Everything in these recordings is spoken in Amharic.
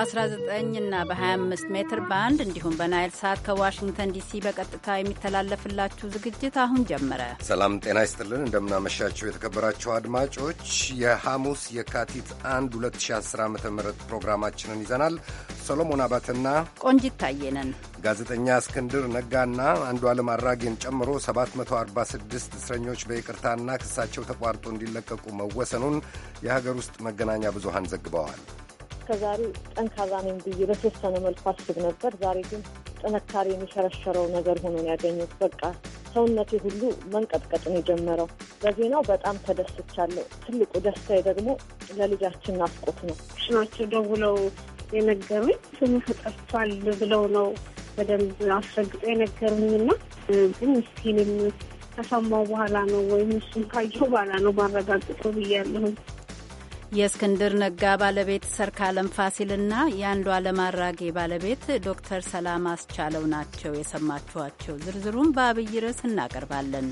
በ19 እና በ25 ሜትር ባንድ እንዲሁም በናይል ሳት ከዋሽንግተን ዲሲ በቀጥታ የሚተላለፍላችሁ ዝግጅት አሁን ጀመረ። ሰላም ጤና ይስጥልን። እንደምናመሻችሁ የተከበራችሁ አድማጮች የሐሙስ የካቲት 1 2010 ዓ ም ፕሮግራማችንን ይዘናል። ሰሎሞን አባትና ቆንጂት ታየነን ጋዜጠኛ እስክንድር ነጋና አንዱ ዓለም አራጌን ጨምሮ 746 እስረኞች በይቅርታና ክሳቸው ተቋርጦ እንዲለቀቁ መወሰኑን የሀገር ውስጥ መገናኛ ብዙሃን ዘግበዋል። እስከዛሬ ጠንካራ ነኝ ብዬ በተወሰነ መልኩ አስብ ነበር። ዛሬ ግን ጥንካሬ የሚሸረሸረው ነገር ሆኖ ነው ያገኘሁት። በቃ ሰውነቴ ሁሉ መንቀጥቀጥ ነው የጀመረው። በዜናው በጣም ተደስቻለሁ። ትልቁ ደስታዬ ደግሞ ለልጃችን ናፍቆት ነው። ሽናቸው ደውለው የነገሩኝ ስምህ ጠፍቷል ብለው ነው በደንብ አስረግጦ የነገሩኝና ግን ምስኪንም ከሰማው በኋላ ነው ወይም እሱም ካየው በኋላ ነው ማረጋግጦ ብያለሁኝ። የእስክንድር ነጋ ባለቤት ሰርካለም ፋሲልና የአንዷለም አራጌ ባለቤት ዶክተር ሰላም አስቻለው ናቸው የሰማችኋቸው። ዝርዝሩም በአብይ ርዕስ እናቀርባለን።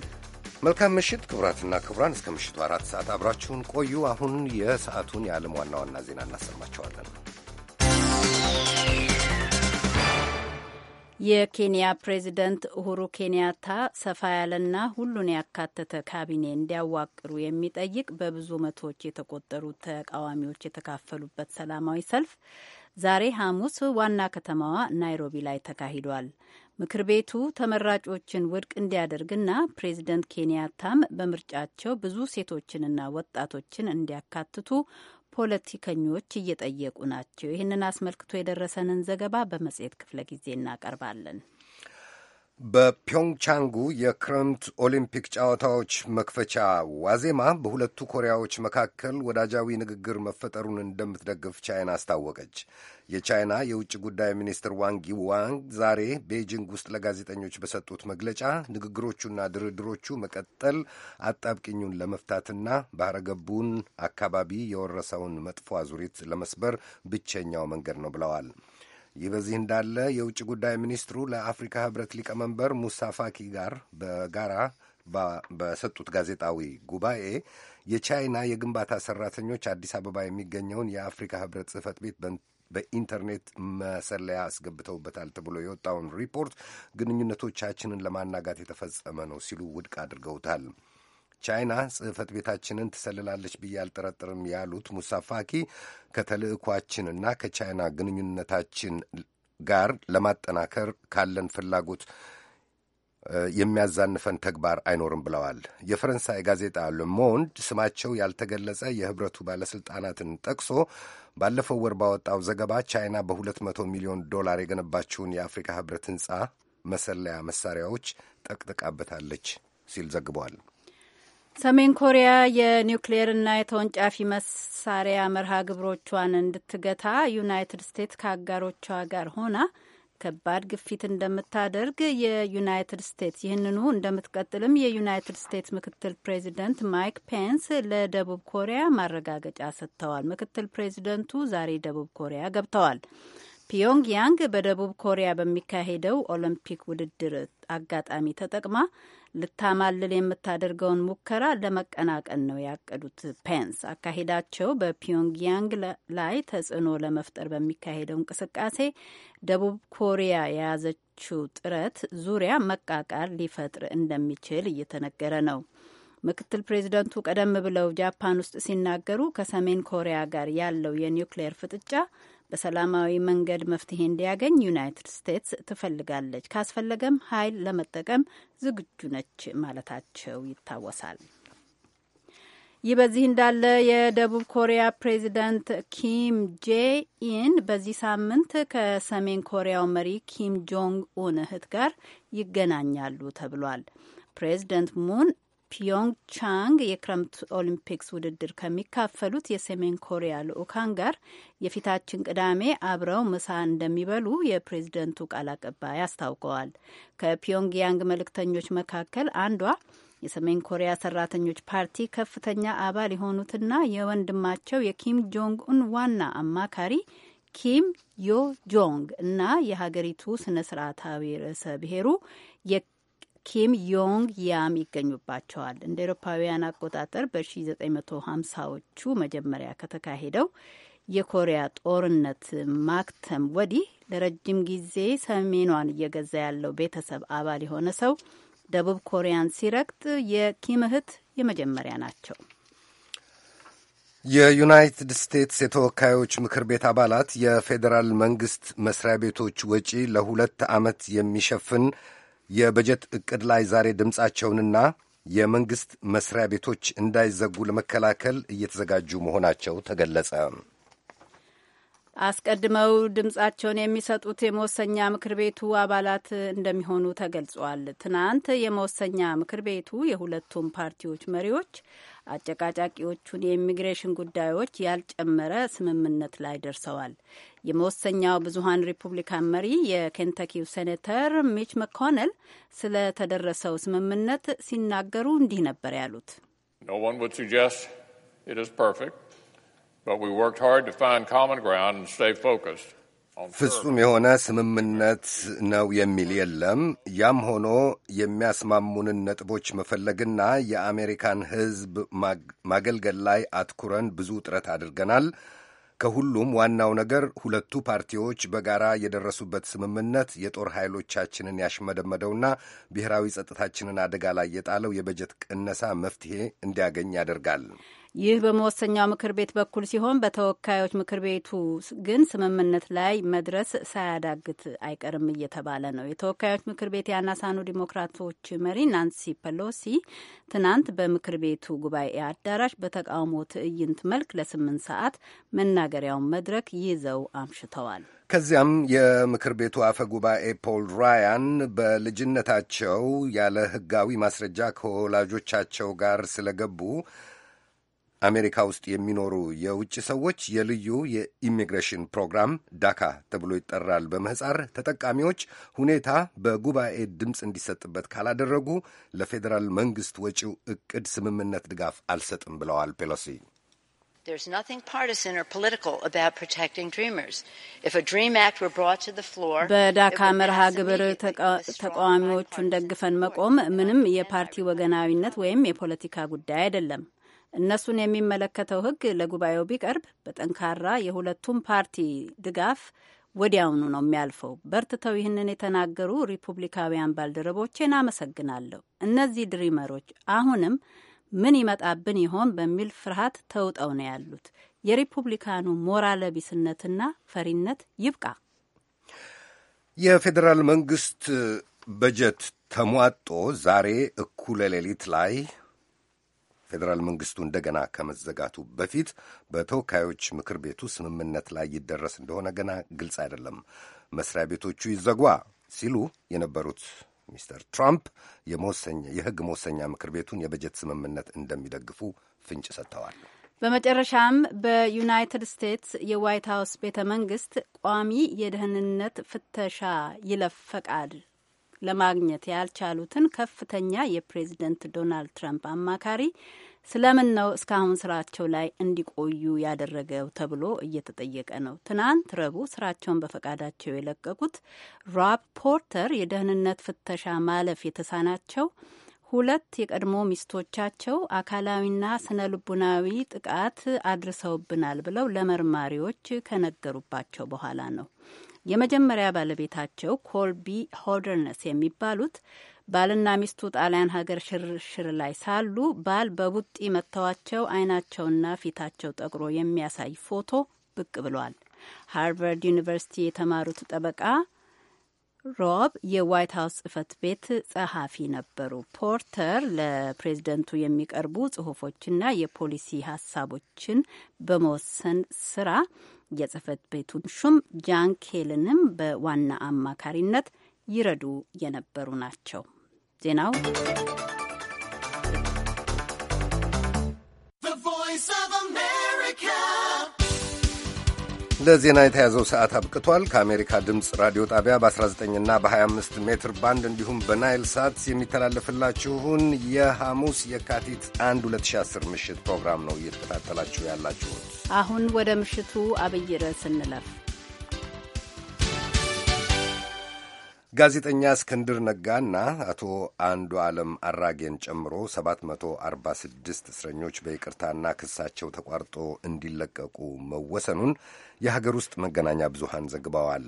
መልካም ምሽት ክቡራትና ክቡራን፣ እስከ ምሽቱ አራት ሰዓት አብራችሁን ቆዩ። አሁን የሰዓቱን የዓለም ዋና ዋና ዜና እናሰማቸዋለን። የኬንያ ፕሬዚደንት ኡሁሩ ኬንያታ ሰፋ ያለና ሁሉን ያካተተ ካቢኔ እንዲያዋቅሩ የሚጠይቅ በብዙ መቶዎች የተቆጠሩ ተቃዋሚዎች የተካፈሉበት ሰላማዊ ሰልፍ ዛሬ ሐሙስ ዋና ከተማዋ ናይሮቢ ላይ ተካሂዷል። ምክር ቤቱ ተመራጮችን ውድቅ እንዲያደርግና ፕሬዚደንት ኬንያታም በምርጫቸው ብዙ ሴቶችንና ወጣቶችን እንዲያካትቱ ፖለቲከኞች እየጠየቁ ናቸው። ይህንን አስመልክቶ የደረሰንን ዘገባ በመጽሔት ክፍለ ጊዜ እናቀርባለን። በፒዮንግቻንጉ የክረምት ኦሊምፒክ ጨዋታዎች መክፈቻ ዋዜማ በሁለቱ ኮሪያዎች መካከል ወዳጃዊ ንግግር መፈጠሩን እንደምትደግፍ ቻይና አስታወቀች። የቻይና የውጭ ጉዳይ ሚኒስትር ዋንጊ ዋንግ ዛሬ ቤጂንግ ውስጥ ለጋዜጠኞች በሰጡት መግለጫ ንግግሮቹና ድርድሮቹ መቀጠል አጣብቅኙን ለመፍታትና ባህረገቡን አካባቢ የወረሰውን መጥፎ አዙሪት ለመስበር ብቸኛው መንገድ ነው ብለዋል። ይህ በዚህ እንዳለ የውጭ ጉዳይ ሚኒስትሩ ለአፍሪካ ህብረት ሊቀመንበር ሙሳ ፋኪ ጋር በጋራ በሰጡት ጋዜጣዊ ጉባኤ የቻይና የግንባታ ሰራተኞች አዲስ አበባ የሚገኘውን የአፍሪካ ህብረት ጽህፈት ቤት በኢንተርኔት መሰለያ አስገብተውበታል ተብሎ የወጣውን ሪፖርት ግንኙነቶቻችንን ለማናጋት የተፈጸመ ነው ሲሉ ውድቅ አድርገውታል። ቻይና ጽህፈት ቤታችንን ትሰልላለች ብዬ አልጠረጥርም ያሉት ሙሳፋኪ ከተልእኳችንና ከቻይና ግንኙነታችን ጋር ለማጠናከር ካለን ፍላጎት የሚያዛንፈን ተግባር አይኖርም ብለዋል። የፈረንሳይ ጋዜጣ ሎሞንድ ስማቸው ያልተገለጸ የህብረቱ ባለሥልጣናትን ጠቅሶ ባለፈው ወር ባወጣው ዘገባ ቻይና በ200 ሚሊዮን ዶላር የገነባችውን የአፍሪካ ህብረት ህንፃ መሰለያ መሳሪያዎች ጠቅጥቃበታለች ሲል ዘግቧል። ሰሜን ኮሪያ የኒውክሌርና የተወንጫፊ መሳሪያ መርሃ ግብሮቿን እንድትገታ ዩናይትድ ስቴትስ ከአጋሮቿ ጋር ሆና ከባድ ግፊት እንደምታደርግ የዩናይትድ ስቴትስ ይህንኑ እንደምትቀጥልም የዩናይትድ ስቴትስ ምክትል ፕሬዚደንት ማይክ ፔንስ ለደቡብ ኮሪያ ማረጋገጫ ሰጥተዋል። ምክትል ፕሬዚደንቱ ዛሬ ደቡብ ኮሪያ ገብተዋል። ፒዮንግያንግ በደቡብ ኮሪያ በሚካሄደው ኦሎምፒክ ውድድር አጋጣሚ ተጠቅማ ልታማልል የምታደርገውን ሙከራ ለመቀናቀን ነው ያቀዱት። ፔንስ አካሄዳቸው በፒዮንግያንግ ላይ ተጽዕኖ ለመፍጠር በሚካሄደው እንቅስቃሴ ደቡብ ኮሪያ የያዘችው ጥረት ዙሪያ መቃቃር ሊፈጥር እንደሚችል እየተነገረ ነው። ምክትል ፕሬዚደንቱ ቀደም ብለው ጃፓን ውስጥ ሲናገሩ ከሰሜን ኮሪያ ጋር ያለው የኒውክሌር ፍጥጫ በሰላማዊ መንገድ መፍትሄ እንዲያገኝ ዩናይትድ ስቴትስ ትፈልጋለች፣ ካስፈለገም ኃይል ለመጠቀም ዝግጁ ነች ማለታቸው ይታወሳል። ይህ በዚህ እንዳለ የደቡብ ኮሪያ ፕሬዚዳንት ኪም ጄ ኢን በዚህ ሳምንት ከሰሜን ኮሪያው መሪ ኪም ጆንግ ኡን እህት ጋር ይገናኛሉ ተብሏል። ፕሬዚደንት ሙን ፒዮንግቻንግ የክረምት ኦሊምፒክስ ውድድር ከሚካፈሉት የሰሜን ኮሪያ ልዑካን ጋር የፊታችን ቅዳሜ አብረው ምሳ እንደሚበሉ የፕሬዝደንቱ ቃል አቀባይ አስታውቀዋል። ከፒዮንግያንግ መልእክተኞች መካከል አንዷ የሰሜን ኮሪያ ሰራተኞች ፓርቲ ከፍተኛ አባል የሆኑትና የወንድማቸው የኪም ጆንግ ኡን ዋና አማካሪ ኪም ዮ ጆንግ እና የሀገሪቱ ስነ ስርዓታዊ ርዕሰ ብሔሩ ኪም ዮንግ ያም ይገኙባቸዋል። እንደ ኤሮፓውያን አቆጣጠር በ1950ዎቹ መጀመሪያ ከተካሄደው የኮሪያ ጦርነት ማክተም ወዲህ ለረጅም ጊዜ ሰሜኗን እየገዛ ያለው ቤተሰብ አባል የሆነ ሰው ደቡብ ኮሪያን ሲረግጥ የኪም እህት የመጀመሪያ ናቸው። የዩናይትድ ስቴትስ የተወካዮች ምክር ቤት አባላት የፌዴራል መንግሥት መስሪያ ቤቶች ወጪ ለሁለት ዓመት የሚሸፍን የበጀት ዕቅድ ላይ ዛሬ ድምፃቸውንና የመንግሥት መስሪያ ቤቶች እንዳይዘጉ ለመከላከል እየተዘጋጁ መሆናቸው ተገለጸ። አስቀድመው ድምጻቸውን የሚሰጡት የመወሰኛ ምክር ቤቱ አባላት እንደሚሆኑ ተገልጿል። ትናንት የመወሰኛ ምክር ቤቱ የሁለቱም ፓርቲዎች መሪዎች አጨቃጫቂዎቹን የኢሚግሬሽን ጉዳዮች ያልጨመረ ስምምነት ላይ ደርሰዋል። የመወሰኛው ብዙሀን ሪፑብሊካን መሪ የኬንተኪው ሴኔተር ሚች መኮነል ስለተደረሰው ስምምነት ሲናገሩ እንዲህ ነበር ያሉት። ፍጹም የሆነ ስምምነት ነው የሚል የለም። ያም ሆኖ የሚያስማሙንን ነጥቦች መፈለግና የአሜሪካን ሕዝብ ማገልገል ላይ አትኩረን ብዙ ጥረት አድርገናል። ከሁሉም ዋናው ነገር ሁለቱ ፓርቲዎች በጋራ የደረሱበት ስምምነት የጦር ኃይሎቻችንን ያሽመደመደውና ብሔራዊ ጸጥታችንን አደጋ ላይ የጣለው የበጀት ቅነሳ መፍትሄ እንዲያገኝ ያደርጋል። ይህ በመወሰኛው ምክር ቤት በኩል ሲሆን በተወካዮች ምክር ቤቱ ግን ስምምነት ላይ መድረስ ሳያዳግት አይቀርም እየተባለ ነው። የተወካዮች ምክር ቤት የአናሳኑ ዲሞክራቶች መሪ ናንሲ ፐሎሲ ትናንት በምክር ቤቱ ጉባኤ አዳራሽ በተቃውሞ ትዕይንት መልክ ለስምንት ሰዓት መናገሪያውን መድረክ ይዘው አምሽተዋል። ከዚያም የምክር ቤቱ አፈ ጉባኤ ፖል ራያን በልጅነታቸው ያለ ሕጋዊ ማስረጃ ከወላጆቻቸው ጋር ስለገቡ አሜሪካ ውስጥ የሚኖሩ የውጭ ሰዎች የልዩ የኢሚግሬሽን ፕሮግራም ዳካ ተብሎ ይጠራል በምህፃር ተጠቃሚዎች ሁኔታ በጉባኤ ድምፅ እንዲሰጥበት ካላደረጉ ለፌዴራል መንግስት ወጪው እቅድ ስምምነት ድጋፍ አልሰጥም ብለዋል ፔሎሲ። There's nothing partisan or political about protecting dreamers. If a DREAM Act were brought to the floor, በዳካ መርሃ ግብር ተቃዋሚዎቹን ደግፈን መቆም ምንም የፓርቲ ወገናዊነት ወይም የፖለቲካ ጉዳይ አይደለም። እነሱን የሚመለከተው ሕግ ለጉባኤው ቢቀርብ በጠንካራ የሁለቱም ፓርቲ ድጋፍ ወዲያውኑ ነው የሚያልፈው። በርትተው ይህንን የተናገሩ ሪፑብሊካውያን ባልደረቦቼን አመሰግናለሁ። እነዚህ ድሪመሮች አሁንም ምን ይመጣብን ይሆን በሚል ፍርሃት ተውጠው ነው ያሉት። የሪፑብሊካኑ ሞራለ ቢስነትና ፈሪነት ይብቃ። የፌዴራል መንግስት በጀት ተሟጦ ዛሬ እኩለ ሌሊት ላይ ፌዴራል መንግስቱ እንደገና ከመዘጋቱ በፊት በተወካዮች ምክር ቤቱ ስምምነት ላይ ይደረስ እንደሆነ ገና ግልጽ አይደለም። መስሪያ ቤቶቹ ይዘጓ ሲሉ የነበሩት ሚስተር ትራምፕ የህግ መወሰኛ ምክር ቤቱን የበጀት ስምምነት እንደሚደግፉ ፍንጭ ሰጥተዋል። በመጨረሻም በዩናይትድ ስቴትስ የዋይት ሀውስ ቤተ መንግስት ቋሚ የደህንነት ፍተሻ ይለፍ ፈቃድ ለማግኘት ያልቻሉትን ከፍተኛ የፕሬዝደንት ዶናልድ ትራምፕ አማካሪ ስለምን ነው እስካሁን ስራቸው ላይ እንዲቆዩ ያደረገው ተብሎ እየተጠየቀ ነው። ትናንት ረቡዕ ስራቸውን በፈቃዳቸው የለቀቁት ሮብ ፖርተር የደህንነት ፍተሻ ማለፍ የተሳናቸው ሁለት የቀድሞ ሚስቶቻቸው አካላዊና ስነ ልቡናዊ ጥቃት አድርሰውብናል ብለው ለመርማሪዎች ከነገሩባቸው በኋላ ነው። የመጀመሪያ ባለቤታቸው ኮልቢ ሆደርነስ የሚባሉት ባልና ሚስቱ ጣሊያን ሀገር ሽርሽር ላይ ሳሉ ባል በቡጢ መጥተዋቸው አይናቸውና ፊታቸው ጠቁሮ የሚያሳይ ፎቶ ብቅ ብሏል። ሃርቨርድ ዩኒቨርሲቲ የተማሩት ጠበቃ ሮብ የዋይት ሀውስ ጽህፈት ቤት ጸሐፊ ነበሩ። ፖርተር ለፕሬዝደንቱ የሚቀርቡ ጽሁፎችና የፖሊሲ ሀሳቦችን በመወሰን ስራ የጽህፈት ቤቱን ሹም ጃን ኬልንም በዋና አማካሪነት ይረዱ የነበሩ ናቸው። ዜናው ለዜና የተያዘው ሰዓት አብቅቷል። ከአሜሪካ ድምፅ ራዲዮ ጣቢያ በ19ና በ25 ሜትር ባንድ እንዲሁም በናይል ሳት የሚተላለፍላችሁን የሐሙስ የካቲት 1 2010 ምሽት ፕሮግራም ነው እየተከታተላችሁ ያላችሁት። አሁን ወደ ምሽቱ አብይ ርዕስ እንለፍ። ጋዜጠኛ እስክንድር ነጋና አቶ አንዱ ዓለም አራጌን ጨምሮ 746 እስረኞች በይቅርታና ክሳቸው ተቋርጦ እንዲለቀቁ መወሰኑን የሀገር ውስጥ መገናኛ ብዙሃን ዘግበዋል።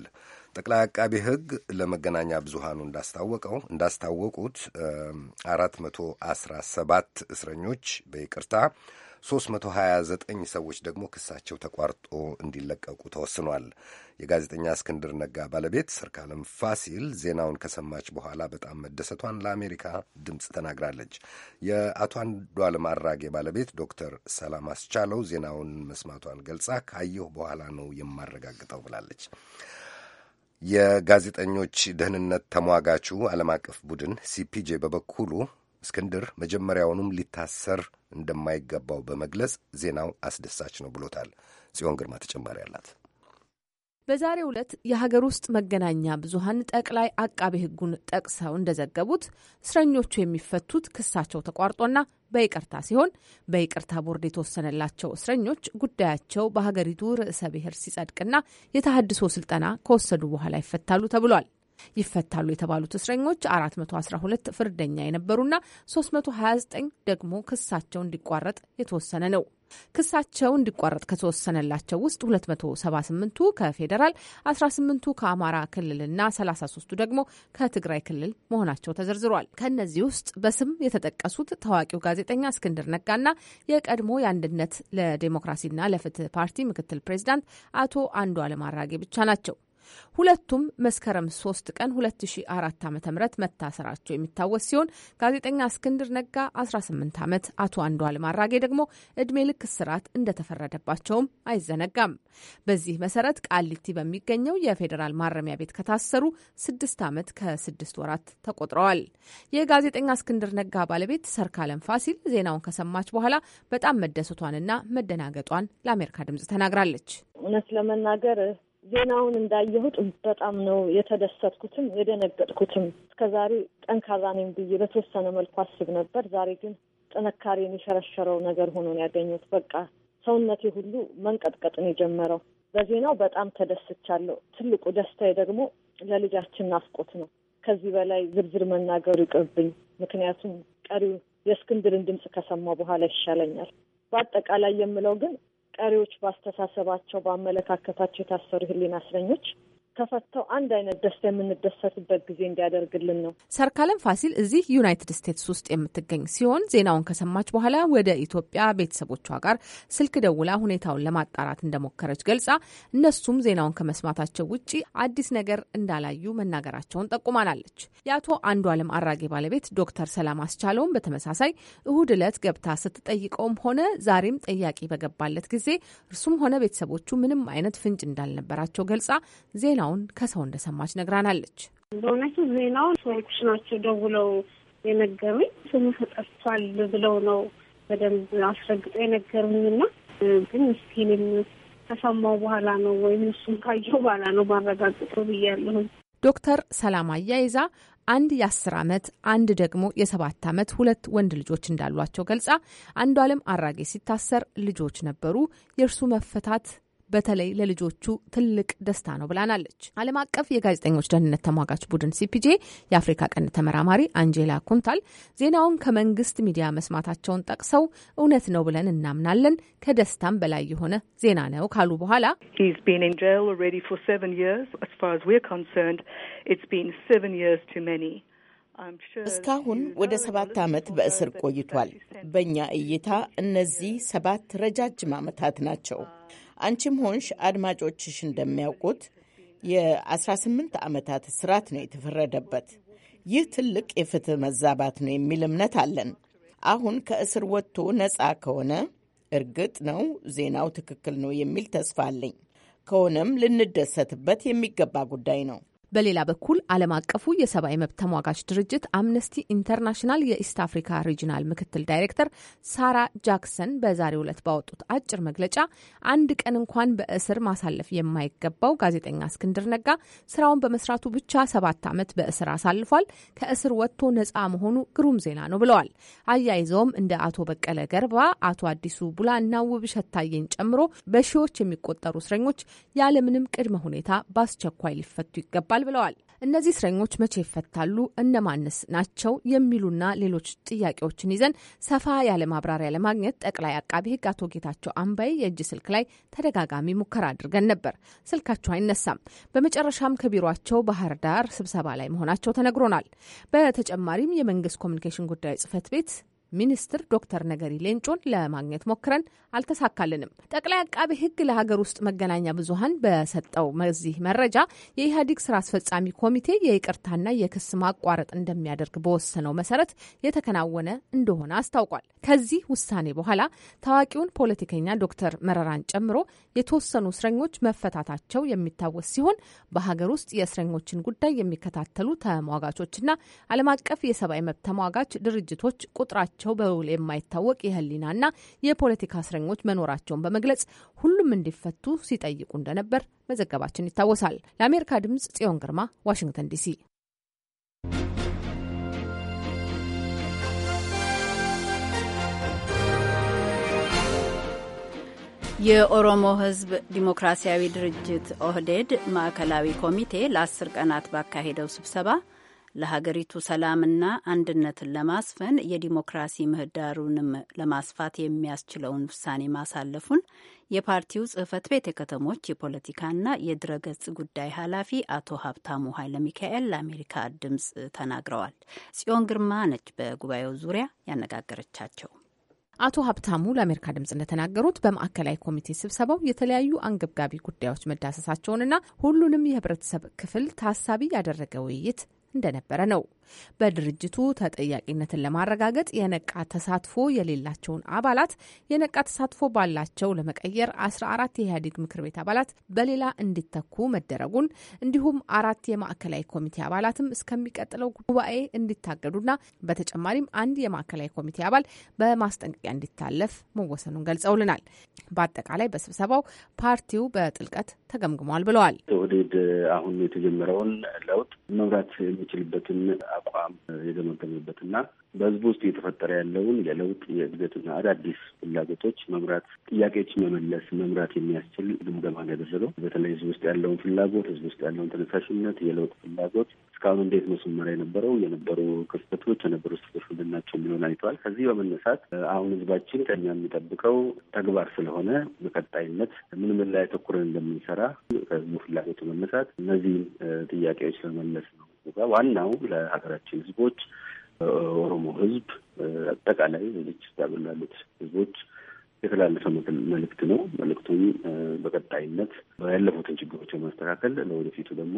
ጠቅላይ አቃቢ ሕግ ለመገናኛ ብዙሃኑ እንዳስታወቀው እንዳስታወቁት 417 እስረኞች በይቅርታ 329 ሰዎች ደግሞ ክሳቸው ተቋርጦ እንዲለቀቁ ተወስኗል። የጋዜጠኛ እስክንድር ነጋ ባለቤት ሰርካለም ፋሲል ዜናውን ከሰማች በኋላ በጣም መደሰቷን ለአሜሪካ ድምፅ ተናግራለች። የአቶ አንዷለም አራጌ ባለቤት ዶክተር ሰላም አስቻለው ዜናውን መስማቷን ገልጻ ካየሁ በኋላ ነው የማረጋግጠው ብላለች። የጋዜጠኞች ደህንነት ተሟጋቹ ዓለም አቀፍ ቡድን ሲፒጄ በበኩሉ እስክንድር መጀመሪያውኑም ሊታሰር እንደማይገባው በመግለጽ ዜናው አስደሳች ነው ብሎታል። ጽዮን ግርማ ተጨማሪ አላት። በዛሬ ዕለት የሀገር ውስጥ መገናኛ ብዙሀን ጠቅላይ አቃቤ ሕጉን ጠቅሰው እንደዘገቡት እስረኞቹ የሚፈቱት ክሳቸው ተቋርጦና በይቅርታ ሲሆን በይቅርታ ቦርድ የተወሰነላቸው እስረኞች ጉዳያቸው በሀገሪቱ ርዕሰ ብሔር ሲጸድቅና የተሃድሶ ስልጠና ከወሰዱ በኋላ ይፈታሉ ተብሏል። ይፈታሉ የተባሉት እስረኞች 412 ፍርደኛ የነበሩና 329 ደግሞ ክሳቸው እንዲቋረጥ የተወሰነ ነው። ክሳቸው እንዲቋረጥ ከተወሰነላቸው ውስጥ 278ቱ ከፌዴራል፣ 18ቱ ከአማራ ክልልና 33ቱ ደግሞ ከትግራይ ክልል መሆናቸው ተዘርዝሯል። ከእነዚህ ውስጥ በስም የተጠቀሱት ታዋቂው ጋዜጠኛ እስክንድር ነጋና የቀድሞ የአንድነት ለዴሞክራሲና ለፍትህ ፓርቲ ምክትል ፕሬዚዳንት አቶ አለም አራጌ ብቻ ናቸው። ሁለቱም መስከረም ሶስት ቀን 2004 ዓ ም መታሰራቸው የሚታወስ ሲሆን ጋዜጠኛ እስክንድር ነጋ 18 ዓመት፣ አቶ አንዷለም አራጌ ደግሞ እድሜ ልክ እስራት እንደተፈረደባቸውም አይዘነጋም። በዚህ መሰረት ቃሊቲ በሚገኘው የፌዴራል ማረሚያ ቤት ከታሰሩ ስድስት ዓመት ከስድስት ወራት ተቆጥረዋል። የጋዜጠኛ እስክንድር ነጋ ባለቤት ሰርካለም ፋሲል ዜናውን ከሰማች በኋላ በጣም መደሰቷንና መደናገጧን ለአሜሪካ ድምጽ ተናግራለች። እውነት ለመናገር ዜናውን እንዳየሁት በጣም ነው የተደሰትኩትም የደነገጥኩትም። እስከዛሬ ጠንካራ ነኝ ብዬ በተወሰነ መልኩ አስብ ነበር። ዛሬ ግን ጥንካሬን የሸረሸረው ነገር ሆኖ ነው ያገኘሁት። በቃ ሰውነቴ ሁሉ መንቀጥቀጥን የጀመረው በዜናው በጣም ተደስቻለሁ። ትልቁ ደስታዬ ደግሞ ለልጃችን ናፍቆት ነው። ከዚህ በላይ ዝርዝር መናገሩ ይቅርብኝ፣ ምክንያቱም ቀሪው የእስክንድርን ድምፅ ከሰማ በኋላ ይሻለኛል። በአጠቃላይ የምለው ግን ቀሪዎች ባስተሳሰባቸው፣ በአመለካከታቸው የታሰሩ ህሊና እስረኞች ተፈተው አንድ አይነት ደስታ የምንደሰትበት ጊዜ እንዲያደርግልን ነው። ሰርካለም ፋሲል እዚህ ዩናይትድ ስቴትስ ውስጥ የምትገኝ ሲሆን ዜናውን ከሰማች በኋላ ወደ ኢትዮጵያ ቤተሰቦቿ ጋር ስልክ ደውላ ሁኔታውን ለማጣራት እንደሞከረች ገልጻ እነሱም ዜናውን ከመስማታቸው ውጭ አዲስ ነገር እንዳላዩ መናገራቸውን ጠቁማናለች። የአቶ አንዱ አለም አራጌ ባለቤት ዶክተር ሰላም አስቻለውም በተመሳሳይ እሁድ ዕለት ገብታ ስትጠይቀውም ሆነ ዛሬም ጠያቂ በገባለት ጊዜ እርሱም ሆነ ቤተሰቦቹ ምንም አይነት ፍንጭ እንዳልነበራቸው ገልጻ ዜናው ዜናውን ከሰው እንደሰማች ነግራናለች። በእውነቱ ዜናውን ሰዎች ናቸው ደውለው የነገሩኝ። ስሙ ተጠርቷል ብለው ነው በደንብ አስረግጠው የነገሩኝና ግን ምስኪንም ከሰማው በኋላ ነው ወይም እሱም ካየው በኋላ ነው ማረጋግጠው ብያለሁኝ። ዶክተር ሰላም አያይዛ አንድ የአስር ዓመት አንድ ደግሞ የሰባት ዓመት ሁለት ወንድ ልጆች እንዳሏቸው ገልጻ አንዷለም አራጌ ሲታሰር ልጆች ነበሩ የእርሱ መፈታት በተለይ ለልጆቹ ትልቅ ደስታ ነው ብላናለች። ዓለም አቀፍ የጋዜጠኞች ደህንነት ተሟጋች ቡድን ሲፒጄ የአፍሪካ ቀንድ ተመራማሪ አንጄላ ኩንታል ዜናውን ከመንግስት ሚዲያ መስማታቸውን ጠቅሰው እውነት ነው ብለን እናምናለን፣ ከደስታም በላይ የሆነ ዜና ነው ካሉ በኋላ እስካሁን ወደ ሰባት ዓመት በእስር ቆይቷል። በእኛ እይታ እነዚህ ሰባት ረጃጅም ዓመታት ናቸው። አንቺም ሆንሽ አድማጮችሽ እንደሚያውቁት የ18 ዓመታት እስራት ነው የተፈረደበት። ይህ ትልቅ የፍትህ መዛባት ነው የሚል እምነት አለን። አሁን ከእስር ወጥቶ ነፃ ከሆነ እርግጥ ነው ዜናው ትክክል ነው የሚል ተስፋ አለኝ። ከሆነም ልንደሰትበት የሚገባ ጉዳይ ነው። በሌላ በኩል ዓለም አቀፉ የሰብአዊ መብት ተሟጋች ድርጅት አምነስቲ ኢንተርናሽናል የኢስት አፍሪካ ሪጂናል ምክትል ዳይሬክተር ሳራ ጃክሰን በዛሬው ዕለት ባወጡት አጭር መግለጫ አንድ ቀን እንኳን በእስር ማሳለፍ የማይገባው ጋዜጠኛ እስክንድር ነጋ ስራውን በመስራቱ ብቻ ሰባት ዓመት በእስር አሳልፏል። ከእስር ወጥቶ ነጻ መሆኑ ግሩም ዜና ነው ብለዋል። አያይዘውም እንደ አቶ በቀለ ገርባ፣ አቶ አዲሱ ቡላ እና ውብሸት ታዬን ጨምሮ በሺዎች የሚቆጠሩ እስረኞች ያለምንም ቅድመ ሁኔታ በአስቸኳይ ሊፈቱ ይገባል ይገባል ብለዋል። እነዚህ እስረኞች መቼ ይፈታሉ? እነማንስ ናቸው? የሚሉና ሌሎች ጥያቄዎችን ይዘን ሰፋ ያለ ማብራሪያ ለማግኘት ጠቅላይ አቃቢ ሕግ አቶ ጌታቸው አምባይ የእጅ ስልክ ላይ ተደጋጋሚ ሙከራ አድርገን ነበር። ስልካቸው አይነሳም። በመጨረሻም ከቢሯቸው ባህር ዳር ስብሰባ ላይ መሆናቸው ተነግሮናል። በተጨማሪም የመንግስት ኮሚኒኬሽን ጉዳዮች ጽህፈት ቤት ሚኒስትር ዶክተር ነገሪ ሌንጮን ለማግኘት ሞክረን አልተሳካልንም። ጠቅላይ አቃቤ ሕግ ለሀገር ውስጥ መገናኛ ብዙኃን በሰጠው በዚህ መረጃ የኢህአዴግ ስራ አስፈጻሚ ኮሚቴ የይቅርታና የክስ ማቋረጥ እንደሚያደርግ በወሰነው መሰረት የተከናወነ እንደሆነ አስታውቋል። ከዚህ ውሳኔ በኋላ ታዋቂውን ፖለቲከኛ ዶክተር መረራን ጨምሮ የተወሰኑ እስረኞች መፈታታቸው የሚታወስ ሲሆን በሀገር ውስጥ የእስረኞችን ጉዳይ የሚከታተሉ ተሟጋቾችና ዓለም አቀፍ የሰብአዊ መብት ተሟጋች ድርጅቶች ቁጥራቸው ቁጥራቸው በውል የማይታወቅ የህሊናና የፖለቲካ እስረኞች መኖራቸውን በመግለጽ ሁሉም እንዲፈቱ ሲጠይቁ እንደነበር መዘገባችን ይታወሳል። ለአሜሪካ ድምጽ ጽዮን ግርማ ዋሽንግተን ዲሲ። የኦሮሞ ህዝብ ዲሞክራሲያዊ ድርጅት ኦህዴድ ማዕከላዊ ኮሚቴ ለአስር ቀናት ባካሄደው ስብሰባ ለሀገሪቱ ሰላምና አንድነትን ለማስፈን የዲሞክራሲ ምህዳሩንም ለማስፋት የሚያስችለውን ውሳኔ ማሳለፉን የፓርቲው ጽህፈት ቤት የከተሞች የፖለቲካና የድረገጽ ጉዳይ ኃላፊ አቶ ሀብታሙ ኃይለ ሚካኤል ለአሜሪካ ድምፅ ተናግረዋል። ጽዮን ግርማ ነች በጉባኤው ዙሪያ ያነጋገረቻቸው። አቶ ሀብታሙ ለአሜሪካ ድምጽ እንደተናገሩት በማዕከላዊ ኮሚቴ ስብሰባው የተለያዩ አንገብጋቢ ጉዳዮች መዳሰሳቸውንና ሁሉንም የህብረተሰብ ክፍል ታሳቢ ያደረገ ውይይት እንደነበረ ነው። በድርጅቱ ተጠያቂነትን ለማረጋገጥ የነቃ ተሳትፎ የሌላቸውን አባላት የነቃ ተሳትፎ ባላቸው ለመቀየር 14 የኢህአዴግ ምክር ቤት አባላት በሌላ እንዲተኩ መደረጉን እንዲሁም አራት የማዕከላዊ ኮሚቴ አባላትም እስከሚቀጥለው ጉባኤ እንዲታገዱና በተጨማሪም አንድ የማዕከላዊ ኮሚቴ አባል በማስጠንቀቂያ እንዲታለፍ መወሰኑን ገልጸውልናል። በአጠቃላይ በስብሰባው ፓርቲው በጥልቀት ተገምግሟል ብለዋል። ኦህዴድ አሁን የተጀመረውን ለውጥ መምራት የሚችልበትን አቋም የገመገመበት እና በህዝቡ ውስጥ እየተፈጠረ ያለውን የለውጥ የእድገትና አዳዲስ ፍላጎቶች መምራት፣ ጥያቄዎች መመለስ፣ መምራት የሚያስችል ግምገማ ነው ያደረገው። በተለይ ህዝብ ውስጥ ያለውን ፍላጎት፣ ህዝብ ውስጥ ያለውን ተነሳሽነት፣ የለውጥ ፍላጎት እስካሁን እንዴት ነው የነበረው፣ የነበሩ ክፍተቶች፣ የነበሩ ስቶች ምንድን ናቸው የሚለውን አይተዋል። ከዚህ በመነሳት አሁን ህዝባችን ከኛ የሚጠብቀው ተግባር ስለሆነ በቀጣይነት ምን ምን ላይ ተኩረን እንደምንሰራ ከህዝቡ ፍላጎት መነሳት እነዚህን ጥያቄዎች ለመመለስ ነው ዋናው ለሀገራችን ህዝቦች ኦሮሞ ህዝብ አጠቃላይ ልጅ ዳብል ህዝቦች የተላለፈ መልእክት ነው። መልእክቱም በቀጣይነት ያለፉትን ችግሮች በማስተካከል ለወደፊቱ ደግሞ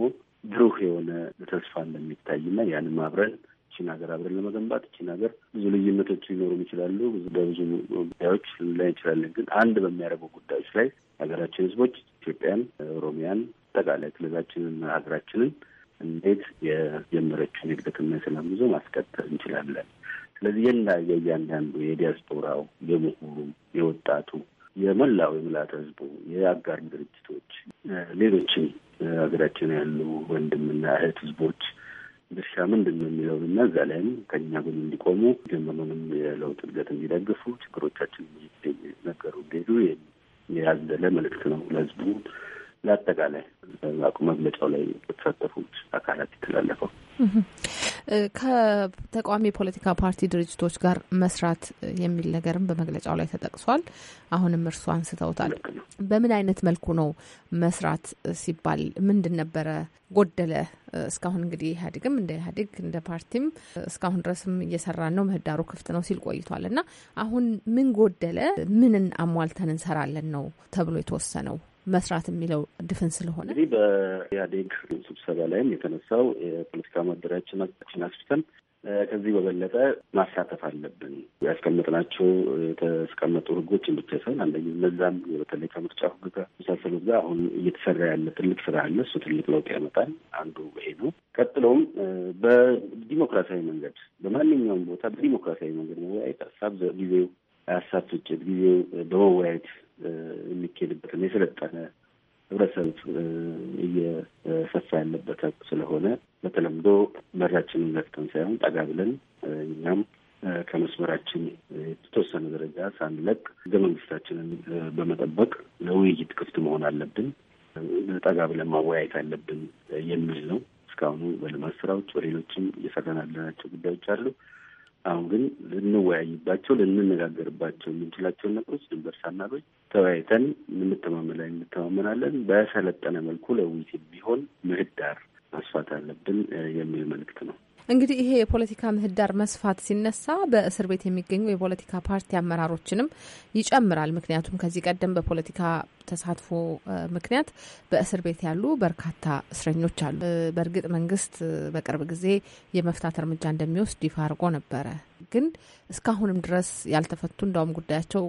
ብሩህ የሆነ ተስፋ እንደሚታይና ያንም አብረን ቺን ሀገር አብረን ለመገንባት ቺን ሀገር ብዙ ልዩነቶች ሊኖሩም ይችላሉ። በብዙ ጉዳዮች ላይ እንችላለን። ግን አንድ በሚያደርጉ ጉዳዮች ላይ ሀገራችን ህዝቦች ኢትዮጵያን፣ ኦሮሚያን፣ አጠቃላይ ክልላችንን ሀገራችንን እንዴት የጀመረችው ንግድ ሰላም ጉዞ ማስቀጠል እንችላለን። ስለዚህ የና የእያንዳንዱ የዲያስፖራው፣ የምሁሩ፣ የወጣቱ፣ የመላው የምልዓተ ህዝቡ የአጋር ድርጅቶች፣ ሌሎችም ሀገራችን ያሉ ወንድምና እህት ህዝቦች ድርሻ ምንድን ነው የሚለውን እና እዛ ላይም ከኛ ጎን እንዲቆሙ ጀመሩንም የለውጥ እድገት እንዲደግፉ ችግሮቻችን ነገሩ እንዲሄዱ ያዘለ መልእክት ነው ለህዝቡ ለአጠቃላይ አቁም መግለጫው ላይ የተሳተፉት አካላት የተላለፈው ከተቃዋሚ የፖለቲካ ፓርቲ ድርጅቶች ጋር መስራት የሚል ነገርም በመግለጫው ላይ ተጠቅሷል። አሁንም እርሱ አንስተውታል። በምን አይነት መልኩ ነው መስራት ሲባል ምንድን ነበረ ጎደለ? እስካሁን እንግዲህ ኢህአዴግም እንደ ኢህአዴግ እንደ ፓርቲም እስካሁን ድረስም እየሰራን ነው፣ ምህዳሩ ክፍት ነው ሲል ቆይቷል እና አሁን ምን ጎደለ? ምንን አሟልተን እንሰራለን ነው ተብሎ የተወሰነው? መስራት የሚለው ድፍን ስለሆነ እዚህ በኢህአዴግ ስብሰባ ላይም የተነሳው የፖለቲካ መደራጃችንን አስፍተን ከዚህ በበለጠ ማሳተፍ አለብን። ያስቀመጥናቸው የተስቀመጡ ህጎች ብቻ ሳይሆን አንደኛ እነዛም በተለይ ከምርጫ ህግ ጋር መሳሰሉት ጋር አሁን እየተሰራ ያለ ትልቅ ስራ አለ። እሱ ትልቅ ለውጥ ያመጣል። አንዱ ይሄ ነው። ቀጥሎም በዲሞክራሲያዊ መንገድ በማንኛውም ቦታ በዲሞክራሲያዊ መንገድ መወያየት ሀሳብ ጊዜው ሀሳብ ስጭት ጊዜው በመወያየት የሚካሄድበትና የሰለጠነ ህብረተሰብ እየሰፋ ያለበት ስለሆነ በተለምዶ በራችንን ለፍተን ሳይሆን ጠጋ ብለን እኛም ከመስመራችን የተወሰነ ደረጃ ሳንለቅ ህገ መንግስታችንን በመጠበቅ ለውይይት ክፍት መሆን አለብን፣ ጠጋ ብለን ማወያየት አለብን የሚል ነው። እስካሁኑ በልማት ስራዎች በሌሎችም እየሰራን ያለናቸው ጉዳዮች አሉ። አሁን ግን ልንወያይባቸው ልንነጋገርባቸው የምንችላቸውን ነገሮች ድንበር ሳናዶች ተወያይተን የምንተማመላ እንተማመናለን። በሰለጠነ መልኩ ለውይይት ቢሆን ምህዳር ማስፋት አለብን የሚል መልእክት ነው። እንግዲህ ይሄ የፖለቲካ ምህዳር መስፋት ሲነሳ በእስር ቤት የሚገኙ የፖለቲካ ፓርቲ አመራሮችንም ይጨምራል። ምክንያቱም ከዚህ ቀደም በፖለቲካ ተሳትፎ ምክንያት በእስር ቤት ያሉ በርካታ እስረኞች አሉ። በእርግጥ መንግስት በቅርብ ጊዜ የመፍታት እርምጃ እንደሚወስድ ይፋ አድርጎ ነበረ። ግን እስካሁንም ድረስ ያልተፈቱ እንዳውም ጉዳያቸው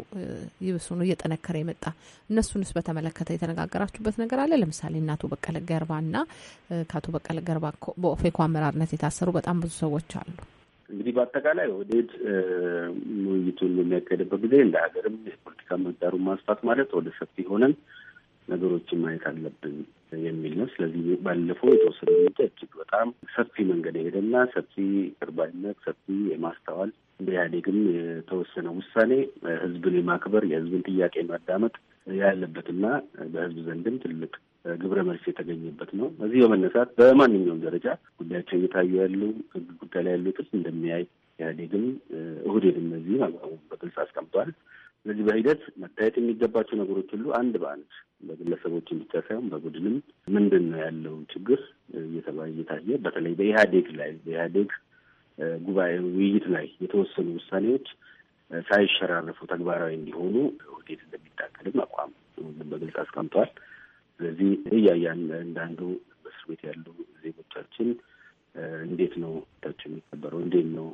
ይብሱኑ እየጠነከረ የመጣ እነሱንስ በተመለከተ የተነጋገራችሁበት ነገር አለ? ለምሳሌ እነ አቶ በቀለ ገርባና ከአቶ በቀለ ገርባ በኦፌኮ አመራርነት የታሰሩ በጣም ብዙ ሰዎች አሉ። እንግዲህ በአጠቃላይ ወደድ ውይይቱን በሚያካሄድበት ጊዜ እንደ ሀገርም የፖለቲካ ምህዳሩን ማስፋት ማለት ወደ ሰፊ ሆነን ነገሮችን ማየት አለብን የሚል ነው። ስለዚህ ባለፈው የተወሰነ ሁኔታ እጅግ በጣም ሰፊ መንገድ የሄደና ሰፊ ቅርባይነት፣ ሰፊ የማስተዋል በኢህአዴግም የተወሰነ ውሳኔ ህዝብን የማክበር የህዝብን ጥያቄ ማዳመጥ ያለበትና በህዝብ ዘንድም ትልቅ ግብረ መልስ የተገኘበት ነው። እዚህ በመነሳት በማንኛውም ደረጃ ጉዳያቸው እየታዩ ያሉ ህግ ጉዳይ ላይ ያሉትን እንደሚያይ ኢህአዴግም እሁዴን እነዚህ በግልጽ አስቀምጧል። ስለዚህ በሂደት መታየት የሚገባቸው ነገሮች ሁሉ አንድ በአንድ በግለሰቦች ብቻ ሳይሆን በቡድንም ምንድን ነው ያለው ችግር እየታየ በተለይ በኢህአዴግ ላይ በኢህአዴግ ጉባኤ ውይይት ላይ የተወሰኑ ውሳኔዎች ሳይሸራረፉ ተግባራዊ እንዲሆኑ ውጤት እንደሚታገልም አቋም በግልጽ አስቀምጧል። ስለዚህ እያያን እንዳንዱ እስር ቤት ያሉ ዜጎቻችን እንዴት ነው ታቸው የሚከበረው እንዴት ነው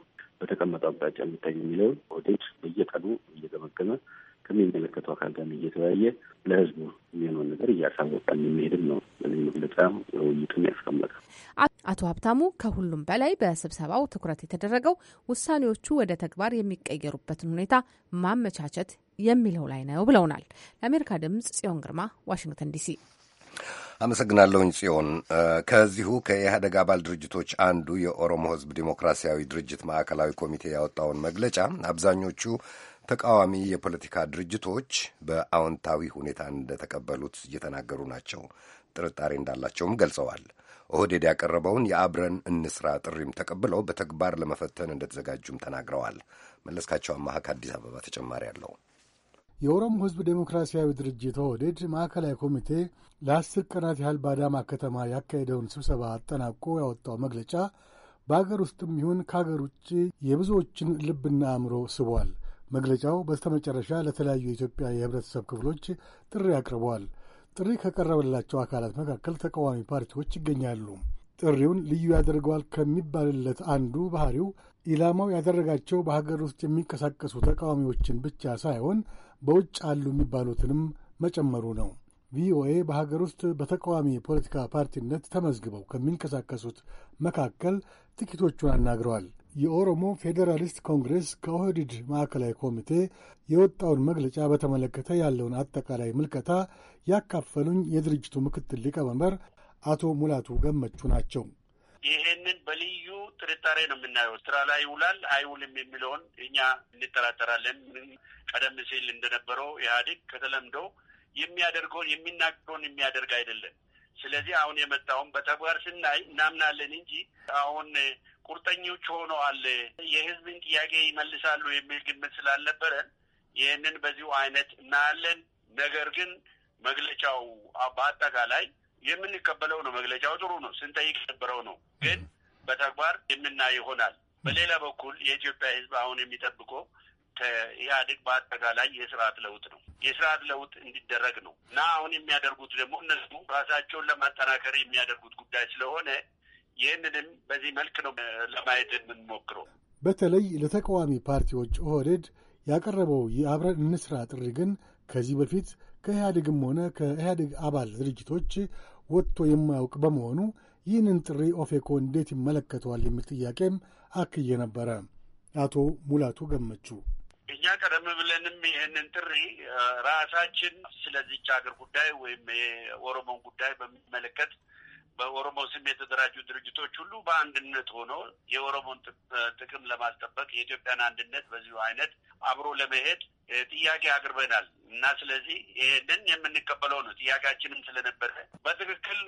በተቀመጠው አቅጣጫ የሚታይ የሚለው ኦዴድ በየቀኑ እየገመገመ ከሚመለከተው አካል ጋር እየተወያየ ለህዝቡ የሚሆነውን ነገር እያሳወቀን የሚሄድም ነው። በዚህ መግለጫ ውይይቱን ያስቀመጠ አቶ ሀብታሙ ከሁሉም በላይ በስብሰባው ትኩረት የተደረገው ውሳኔዎቹ ወደ ተግባር የሚቀየሩበትን ሁኔታ ማመቻቸት የሚለው ላይ ነው ብለውናል። ለአሜሪካ ድምጽ ጽዮን ግርማ ዋሽንግተን ዲሲ አመሰግናለሁኝ ጽዮን። ከዚሁ ከኢህአደግ አባል ድርጅቶች አንዱ የኦሮሞ ህዝብ ዴሞክራሲያዊ ድርጅት ማዕከላዊ ኮሚቴ ያወጣውን መግለጫ አብዛኞቹ ተቃዋሚ የፖለቲካ ድርጅቶች በአዎንታዊ ሁኔታ እንደተቀበሉት እየተናገሩ ናቸው። ጥርጣሬ እንዳላቸውም ገልጸዋል። ኦህዴድ ያቀረበውን የአብረን እንስራ ጥሪም ተቀብለው በተግባር ለመፈተን እንደተዘጋጁም ተናግረዋል። መለስካቸው አማሃ ከአዲስ አበባ ተጨማሪ አለው። የኦሮሞ ሕዝብ ዴሞክራሲያዊ ድርጅት ኦህዴድ ማዕከላዊ ኮሚቴ ለአስር ቀናት ያህል በአዳማ ከተማ ያካሄደውን ስብሰባ አጠናቆ ያወጣው መግለጫ በአገር ውስጥም ይሁን ከአገር ውጭ የብዙዎችን ልብና አእምሮ ስቧል። መግለጫው በስተመጨረሻ ለተለያዩ የኢትዮጵያ የህብረተሰብ ክፍሎች ጥሪ አቅርበዋል። ጥሪ ከቀረበላቸው አካላት መካከል ተቃዋሚ ፓርቲዎች ይገኛሉ። ጥሪውን ልዩ ያደርገዋል ከሚባልለት አንዱ ባህሪው ኢላማው ያደረጋቸው በሀገር ውስጥ የሚንቀሳቀሱ ተቃዋሚዎችን ብቻ ሳይሆን በውጭ አሉ የሚባሉትንም መጨመሩ ነው። ቪኦኤ በሀገር ውስጥ በተቃዋሚ የፖለቲካ ፓርቲነት ተመዝግበው ከሚንቀሳቀሱት መካከል ጥቂቶቹን አናግረዋል። የኦሮሞ ፌዴራሊስት ኮንግሬስ ከኦህዲድ ማዕከላዊ ኮሚቴ የወጣውን መግለጫ በተመለከተ ያለውን አጠቃላይ ምልከታ ያካፈሉኝ የድርጅቱ ምክትል ሊቀመንበር አቶ ሙላቱ ገመቹ ናቸው። ይሄንን በልዩ ጥርጣሬ ነው የምናየው። ስራ ላይ ይውላል አይውልም የሚለውን እኛ እንጠራጠራለን። ቀደም ሲል እንደነበረው ኢህአዴግ ከተለምዶ የሚያደርገውን የሚናገረውን የሚያደርግ አይደለም። ስለዚህ አሁን የመጣውን በተግባር ስናይ እናምናለን እንጂ አሁን ቁርጠኞች ሆነዋል፣ የህዝብን ጥያቄ ይመልሳሉ የሚል ግምት ስላልነበረን ይህንን በዚሁ አይነት እናያለን። ነገር ግን መግለጫው በአጠቃላይ የምንቀበለው ነው። መግለጫው ጥሩ ነው፣ ስንጠይቅ የነበረው ነው፣ ግን በተግባር የምናይ ይሆናል። በሌላ በኩል የኢትዮጵያ ሕዝብ አሁን የሚጠብቀው ከኢህአዴግ በአጠቃላይ የስርዓት ለውጥ ነው። የስርዓት ለውጥ እንዲደረግ ነው እና አሁን የሚያደርጉት ደግሞ እነሱ ራሳቸውን ለማጠናከር የሚያደርጉት ጉዳይ ስለሆነ ይህንንም በዚህ መልክ ነው ለማየት የምንሞክረው። በተለይ ለተቃዋሚ ፓርቲዎች ኦህዴድ ያቀረበው የአብረን እንስራ ጥሪ ግን ከዚህ በፊት ከኢህአዴግም ሆነ ከኢህአዴግ አባል ድርጅቶች ወጥቶ የማያውቅ በመሆኑ ይህንን ጥሪ ኦፌኮ እንዴት ይመለከተዋል የሚል ጥያቄም አክዬ ነበረ። አቶ ሙላቱ ገመቹ እኛ ቀደም ብለንም ይህንን ጥሪ ራሳችን ስለዚች ሀገር ጉዳይ ወይም የኦሮሞን ጉዳይ በሚመለከት በኦሮሞ ስም የተደራጁ ድርጅቶች ሁሉ በአንድነት ሆኖ የኦሮሞን ጥቅም ለማስጠበቅ የኢትዮጵያን አንድነት በዚሁ አይነት አብሮ ለመሄድ ጥያቄ አቅርበናል እና ስለዚህ ይህንን የምንቀበለው ነው። ጥያቄያችንም ስለነበረ በትክክል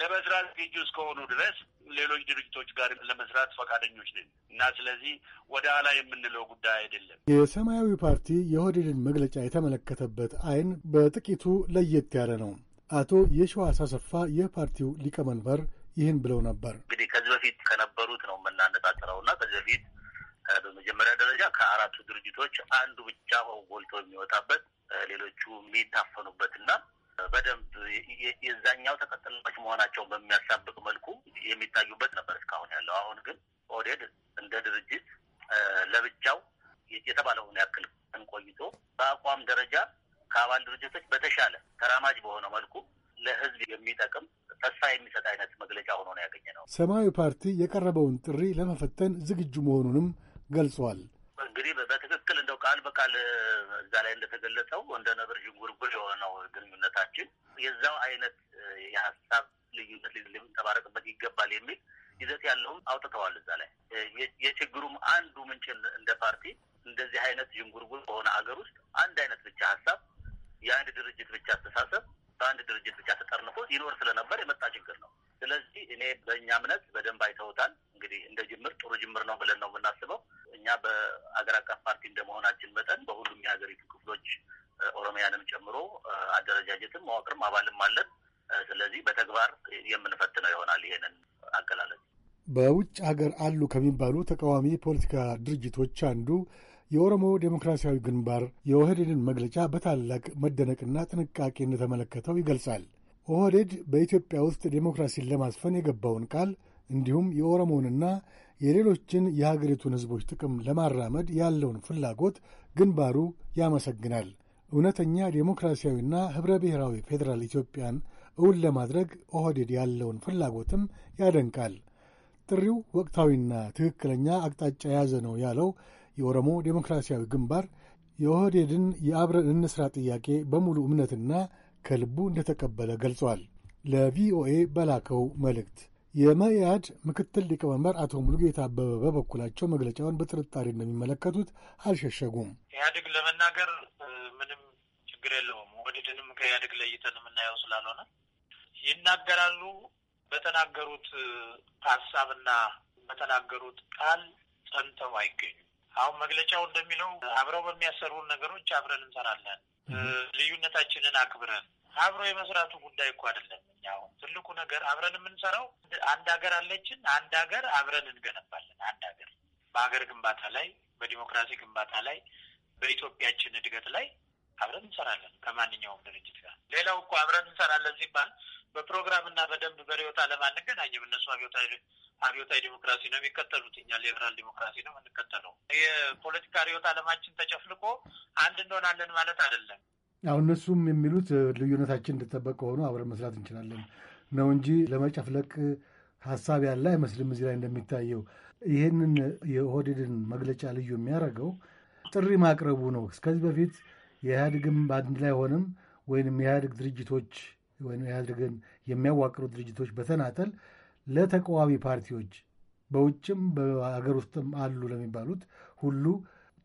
ለመስራት ዝግጁ እስከሆኑ ድረስ ሌሎች ድርጅቶች ጋር ለመስራት ፈቃደኞች ነን እና ስለዚህ ወደ ኋላ የምንለው ጉዳይ አይደለም። የሰማያዊ ፓርቲ የኦህዴድን መግለጫ የተመለከተበት አይን በጥቂቱ ለየት ያለ ነው። አቶ የሸዋስ አሰፋ የፓርቲው ሊቀመንበር ይህን ብለው ነበር። እንግዲህ ከዚህ በፊት ከነበሩት ነው የምናነጣጥረው እና ከዚህ በፊት በመጀመሪያ ደረጃ ከአራቱ ድርጅቶች አንዱ ብቻ ጎልቶ የሚወጣበት ሌሎቹ የሚታፈኑበትና በደንብ የዛኛው ተቀጥላች መሆናቸውን በሚያሳብቅ መልኩ የሚታዩበት ነበር እስካሁን ያለው። አሁን ግን ኦህዴድ እንደ ድርጅት ለብቻው የተባለውን ያክል እንቆይቶ በአቋም ደረጃ ከአባል ድርጅቶች በተሻለ ተራማጅ በሆነ መልኩ ለህዝብ የሚጠቅም ተስፋ የሚሰጥ አይነት መግለጫ ሆኖ ነው ያገኘ ነው። ሰማያዊ ፓርቲ የቀረበውን ጥሪ ለመፈተን ዝግጁ መሆኑንም ገልጿል። እንግዲህ በትክክል እንደው ቃል በቃል እዛ ላይ እንደተገለጸው እንደ ነብር ዥንጉርጉር የሆነው ግንኙነታችን የዛው አይነት የሀሳብ ልዩነት ሊንጸባረቅበት ይገባል የሚል ይዘት ያለውም አውጥተዋል። እዛ ላይ የችግሩም አንዱ ምንጭ እንደ ፓርቲ እንደዚህ አይነት ዥንጉርጉር በሆነ አገር ውስጥ አንድ አይነት ብቻ ሀሳብ የአንድ ድርጅት ብቻ አስተሳሰብ በአንድ ድርጅት ብቻ ተጠርንፎ ይኖር ስለነበር የመጣ ችግር ነው። ስለዚህ እኔ በእኛ እምነት በደንብ አይተውታል። እንግዲህ እንደ ጅምር ጥሩ ጅምር ነው ብለን ነው የምናስበው። እኛ በአገር አቀፍ ፓርቲ እንደመሆናችን መጠን በሁሉም የሀገሪቱ ክፍሎች ኦሮሚያንም ጨምሮ አደረጃጀትም መዋቅርም አባልም አለን። ስለዚህ በተግባር የምንፈትነው ይሆናል። ይሄንን አገላለጽ በውጭ ሀገር አሉ ከሚባሉ ተቃዋሚ ፖለቲካ ድርጅቶች አንዱ የኦሮሞ ዴሞክራሲያዊ ግንባር የኦህዴድን መግለጫ በታላቅ መደነቅና ጥንቃቄ እንደተመለከተው ይገልጻል። ኦህዴድ በኢትዮጵያ ውስጥ ዴሞክራሲን ለማስፈን የገባውን ቃል እንዲሁም የኦሮሞንና የሌሎችን የሀገሪቱን ሕዝቦች ጥቅም ለማራመድ ያለውን ፍላጎት ግንባሩ ያመሰግናል። እውነተኛ ዴሞክራሲያዊና ኅብረ ብሔራዊ ፌዴራል ኢትዮጵያን እውን ለማድረግ ኦህዴድ ያለውን ፍላጎትም ያደንቃል። ጥሪው ወቅታዊና ትክክለኛ አቅጣጫ የያዘ ነው ያለው የኦሮሞ ዴሞክራሲያዊ ግንባር የኦህዴድን የአብረን እንስራ ጥያቄ በሙሉ እምነትና ከልቡ እንደተቀበለ ገልጿል። ለቪኦኤ በላከው መልእክት የመኢአድ ምክትል ሊቀመንበር አቶ ሙሉጌታ አበበ በበኩላቸው መግለጫውን በጥርጣሬ እንደሚመለከቱት አልሸሸጉም። ኢህአዴግ ለመናገር ምንም ችግር የለውም። ኦህዴድንም ከኢህአዴግ ለይተን የምናየው ስላልሆነ ይናገራሉ። በተናገሩት ሀሳብና በተናገሩት ቃል ጸንተው አይገኙም። አሁን መግለጫው እንደሚለው አብረው በሚያሰሩን ነገሮች አብረን እንሰራለን። ልዩነታችንን አክብረን አብሮ የመስራቱ ጉዳይ እኮ አይደለም። እኛ አሁን ትልቁ ነገር አብረን የምንሰራው አንድ ሀገር አለችን። አንድ ሀገር አብረን እንገነባለን። አንድ ሀገር በሀገር ግንባታ ላይ፣ በዲሞክራሲ ግንባታ ላይ፣ በኢትዮጵያችን እድገት ላይ አብረን እንሰራለን ከማንኛውም ድርጅት ጋር። ሌላው እኮ አብረን እንሰራለን ሲባል በፕሮግራም እና በደንብ በርዕዮተ ዓለም አንገናኝም። እነሱ አብዮታ አብዮታዊ ዲሞክራሲ ነው የሚከተሉት። እኛ ሊበራል ዲሞክራሲ ነው የምንከተለው። የፖለቲካ ርዕዮተ ዓለማችን ተጨፍልቆ አንድ እንሆናለን ማለት አይደለም። አሁን እነሱም የሚሉት ልዩነታችን እንደተጠበቀ ሆኖ አብረን መስራት እንችላለን ነው እንጂ ለመጨፍለቅ ሀሳብ ያለ አይመስልም። እዚህ ላይ እንደሚታየው ይህንን የኦህዴድን መግለጫ ልዩ የሚያደርገው ጥሪ ማቅረቡ ነው። እስከዚህ በፊት የኢህአዴግም በአንድ ላይ ሆንም ወይም የኢህአዴግ ድርጅቶች ወይም ኢህአዴግን የሚያዋቅሩ ድርጅቶች በተናጠል ለተቃዋሚ ፓርቲዎች በውጭም በሀገር ውስጥም አሉ ለሚባሉት ሁሉ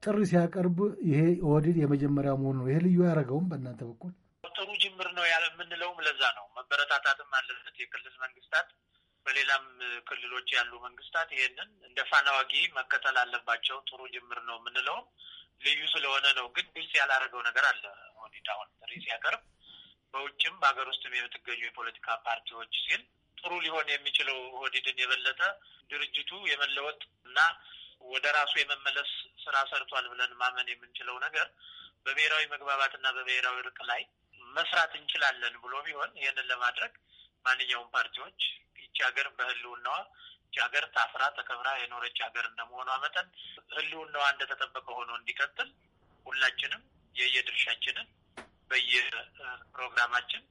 ጥሪ ሲያቀርብ ይሄ ኦህዴድ የመጀመሪያ መሆኑ ነው። ይሄ ልዩ ያደረገውም በእናንተ በኩል ጥሩ ጅምር ነው ያለ የምንለውም ለዛ ነው። መበረታታትም አለበት። የክልል መንግስታት፣ በሌላም ክልሎች ያሉ መንግስታት ይሄንን እንደ ፋናዋጊ መከተል አለባቸው። ጥሩ ጅምር ነው የምንለውም ልዩ ስለሆነ ነው። ግን ግልጽ ያላደረገው ነገር አለ። ኦህዴድ አሁን ጥሪ ሲያቀርብ በውጭም በሀገር ውስጥም የምትገኙ የፖለቲካ ፓርቲዎች ሲል ጥሩ ሊሆን የሚችለው ኦህዴድን የበለጠ ድርጅቱ የመለወጥ እና ወደ ራሱ የመመለስ ስራ ሰርቷል ብለን ማመን የምንችለው ነገር በብሔራዊ መግባባትና በብሔራዊ እርቅ ላይ መስራት እንችላለን ብሎ ቢሆን ይህንን ለማድረግ ማንኛውም ፓርቲዎች ይቺ ሀገር በህልውናዋ ይቺ ሀገር ታፍራ ተከብራ የኖረች ሀገር እንደመሆኗ መጠን ህልውናዋ እንደተጠበቀ ሆኖ እንዲቀጥል ሁላችንም የየድርሻችንን በየፕሮግራማችን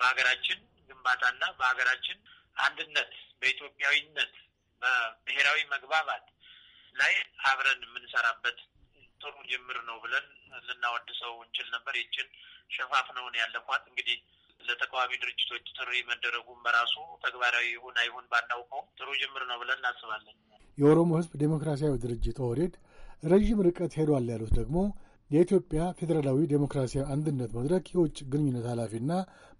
በሀገራችን ግንባታና በሀገራችን አንድነት፣ በኢትዮጵያዊነት፣ በብሔራዊ መግባባት ላይ አብረን የምንሰራበት ጥሩ ጅምር ነው ብለን ልናወድሰው እንችል ነበር። ይችን ሸፋፍ ነውን ያለፏት እንግዲህ ለተቃዋሚ ድርጅቶች ጥሪ መደረጉን በራሱ ተግባራዊ ይሁን አይሁን ባናውቀውም ጥሩ ጅምር ነው ብለን እናስባለን። የኦሮሞ ሕዝብ ዴሞክራሲያዊ ድርጅት ኦህዴድ ረዥም ርቀት ሄዷል ያሉት ደግሞ የኢትዮጵያ ፌዴራላዊ ዴሞክራሲያዊ አንድነት መድረክ የውጭ ግንኙነት ኃላፊና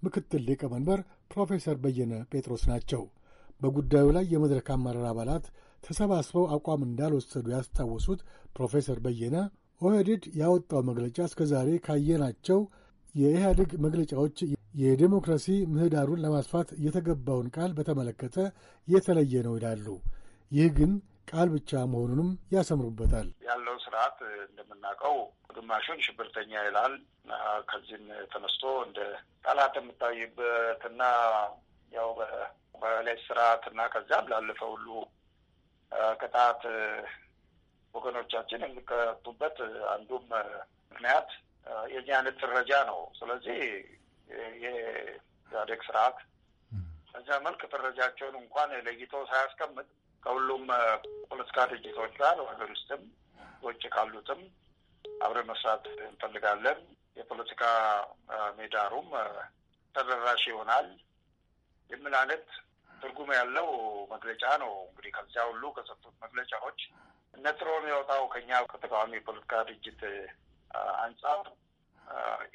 ምክትል ሊቀመንበር ፕሮፌሰር በየነ ጴጥሮስ ናቸው። በጉዳዩ ላይ የመድረክ አመራር አባላት ተሰባስበው አቋም እንዳልወሰዱ ያስታወሱት ፕሮፌሰር በየነ ኦህዴድ ያወጣው መግለጫ እስከዛሬ ካየናቸው የኢህአዴግ መግለጫዎች የዴሞክራሲ ምህዳሩን ለማስፋት የተገባውን ቃል በተመለከተ የተለየ ነው ይላሉ። ይህ ግን ቃል ብቻ መሆኑንም ያሰምሩበታል። ያለው ስርዓት እንደምናውቀው ግማሹን ሽብርተኛ ይላል። ከዚህም ተነስቶ እንደ ጠላት የምታይበትና ያው በላይ ስርዓት ከዚያም ላለፈ ሁሉ ቅጣት ወገኖቻችን የሚቀጡበት አንዱም ምክንያት የዚህ አይነት ፍረጃ ነው። ስለዚህ የኢህአዴግ ስርዓት በዚያ መልክ ፍረጃቸውን እንኳን ለይቶ ሳያስቀምጥ ከሁሉም ፖለቲካ ድርጅቶች ጋር ሀገር ውስጥም ውጭ ካሉትም አብረን መስራት እንፈልጋለን። የፖለቲካ ሜዳሩም ተደራሽ ይሆናል። የምን አይነት ትርጉም ያለው መግለጫ ነው? እንግዲህ ከዚያ ሁሉ ከሰጡት መግለጫዎች ነጥሮ የሚወጣው ከኛ ከተቃዋሚ የፖለቲካ ድርጅት አንጻር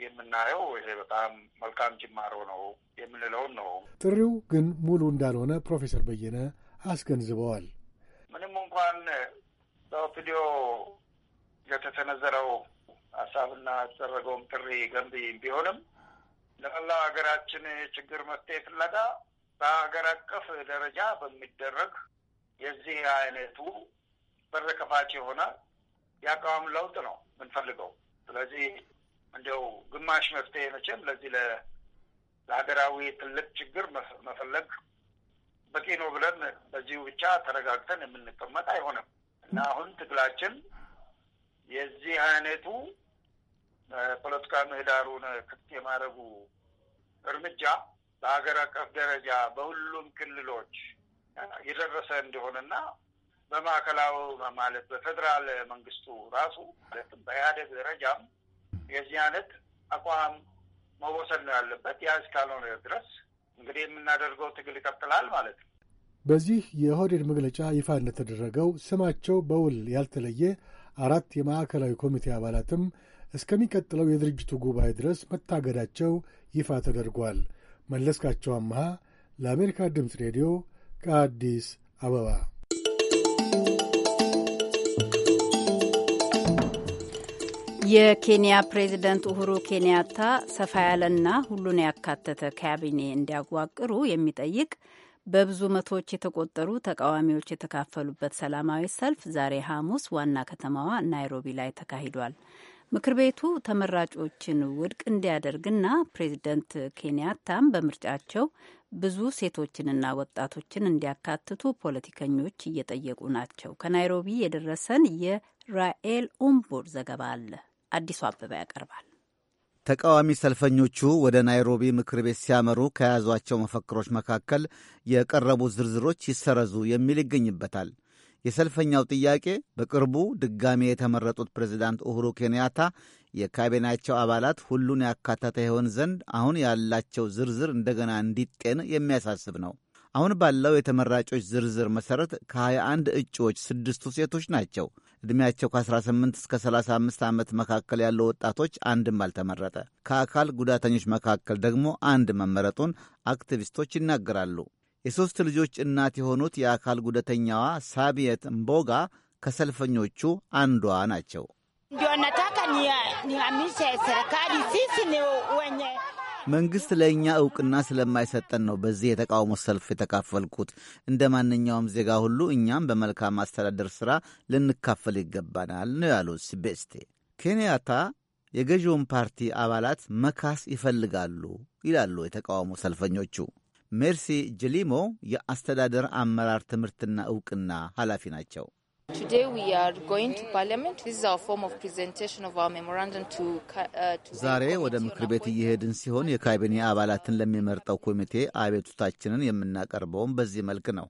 የምናየው ይሄ በጣም መልካም ጅማሮ ነው የምንለውን ነው። ጥሪው ግን ሙሉ እንዳልሆነ ፕሮፌሰር በየነ አስገንዝበዋል። ምንም እንኳን በኦፒዲዮ የተሰነዘረው ሀሳብና የተደረገውም ጥሪ ገንቢ ቢሆንም ለመላ ሀገራችን ችግር መፍትሄ ፍለጋ በሀገር አቀፍ ደረጃ በሚደረግ የዚህ አይነቱ በር ከፋች የሆነ የአቋም ለውጥ ነው የምንፈልገው። ስለዚህ እንዲያው ግማሽ መፍትሄ መቼም ለዚህ ለሀገራዊ ትልቅ ችግር መፈለግ በቂ ነው ብለን በዚሁ ብቻ ተረጋግተን የምንቀመጥ አይሆንም እና አሁን ትግላችን የዚህ አይነቱ ፖለቲካ ምህዳሩን ክፍት የማድረጉ እርምጃ በሀገር አቀፍ ደረጃ በሁሉም ክልሎች የደረሰ እንዲሆንና በማዕከላዊ ማለት በፌዴራል መንግስቱ ራሱ ማለትም በኢህአደግ ደረጃም የዚህ አይነት አቋም መወሰድ ነው ያለበት። ያ እስካልሆነ ድረስ እንግዲህ የምናደርገው ትግል ይቀጥላል ማለት ነው። በዚህ የኦህዴድ መግለጫ ይፋ እንደተደረገው ስማቸው በውል ያልተለየ አራት የማዕከላዊ ኮሚቴ አባላትም እስከሚቀጥለው የድርጅቱ ጉባኤ ድረስ መታገዳቸው ይፋ ተደርጓል። መለስካቸው አምሃ ለአሜሪካ ድምፅ ሬዲዮ ከአዲስ አበባ የኬንያ ፕሬዚደንት ኡሁሩ ኬንያታ ሰፋ ያለና ሁሉን ያካተተ ካቢኔ እንዲያዋቅሩ የሚጠይቅ በብዙ መቶዎች የተቆጠሩ ተቃዋሚዎች የተካፈሉበት ሰላማዊ ሰልፍ ዛሬ ሐሙስ ዋና ከተማዋ ናይሮቢ ላይ ተካሂዷል። ምክር ቤቱ ተመራጮችን ውድቅ እንዲያደርግና ፕሬዚደንት ኬንያታም በምርጫቸው ብዙ ሴቶችንና ወጣቶችን እንዲያካትቱ ፖለቲከኞች እየጠየቁ ናቸው። ከናይሮቢ የደረሰን የራኤል ኦምቦር ዘገባ አለ። አዲሱ አበባ ያቀርባል። ተቃዋሚ ሰልፈኞቹ ወደ ናይሮቢ ምክር ቤት ሲያመሩ ከያዟቸው መፈክሮች መካከል የቀረቡ ዝርዝሮች ይሰረዙ የሚል ይገኝበታል። የሰልፈኛው ጥያቄ በቅርቡ ድጋሜ የተመረጡት ፕሬዚዳንት ኡሁሩ ኬንያታ የካቢናቸው አባላት ሁሉን ያካተተ ይሆን ዘንድ አሁን ያላቸው ዝርዝር እንደገና እንዲጤን የሚያሳስብ ነው። አሁን ባለው የተመራጮች ዝርዝር መሠረት ከ21 እጩዎች ስድስቱ ሴቶች ናቸው። ዕድሜያቸው ከ18 እስከ 35 ዓመት መካከል ያሉ ወጣቶች አንድም አልተመረጠ። ከአካል ጉዳተኞች መካከል ደግሞ አንድ መመረጡን አክቲቪስቶች ይናገራሉ። የሦስት ልጆች እናት የሆኑት የአካል ጉዳተኛዋ ሳቢየት እምቦጋ ከሰልፈኞቹ አንዷ ናቸው። መንግስት ለእኛ እውቅና ስለማይሰጠን ነው በዚህ የተቃውሞ ሰልፍ የተካፈልኩት። እንደ ማንኛውም ዜጋ ሁሉ እኛም በመልካም አስተዳደር ሥራ ልንካፈል ይገባናል ነው ያሉት ሲቤስቴ። ኬንያታ የገዢውን ፓርቲ አባላት መካስ ይፈልጋሉ ይላሉ የተቃውሞ ሰልፈኞቹ። ሜርሲ ጅሊሞ የአስተዳደር አመራር ትምህርትና እውቅና ኃላፊ ናቸው። Uh, ዛሬ ወደ ምክር ቤት እየሄድን ሲሆን የካቢኔ አባላትን ለሚመርጠው ኮሚቴ አቤቱታችንን የምናቀርበውም በዚህ መልክ ነው።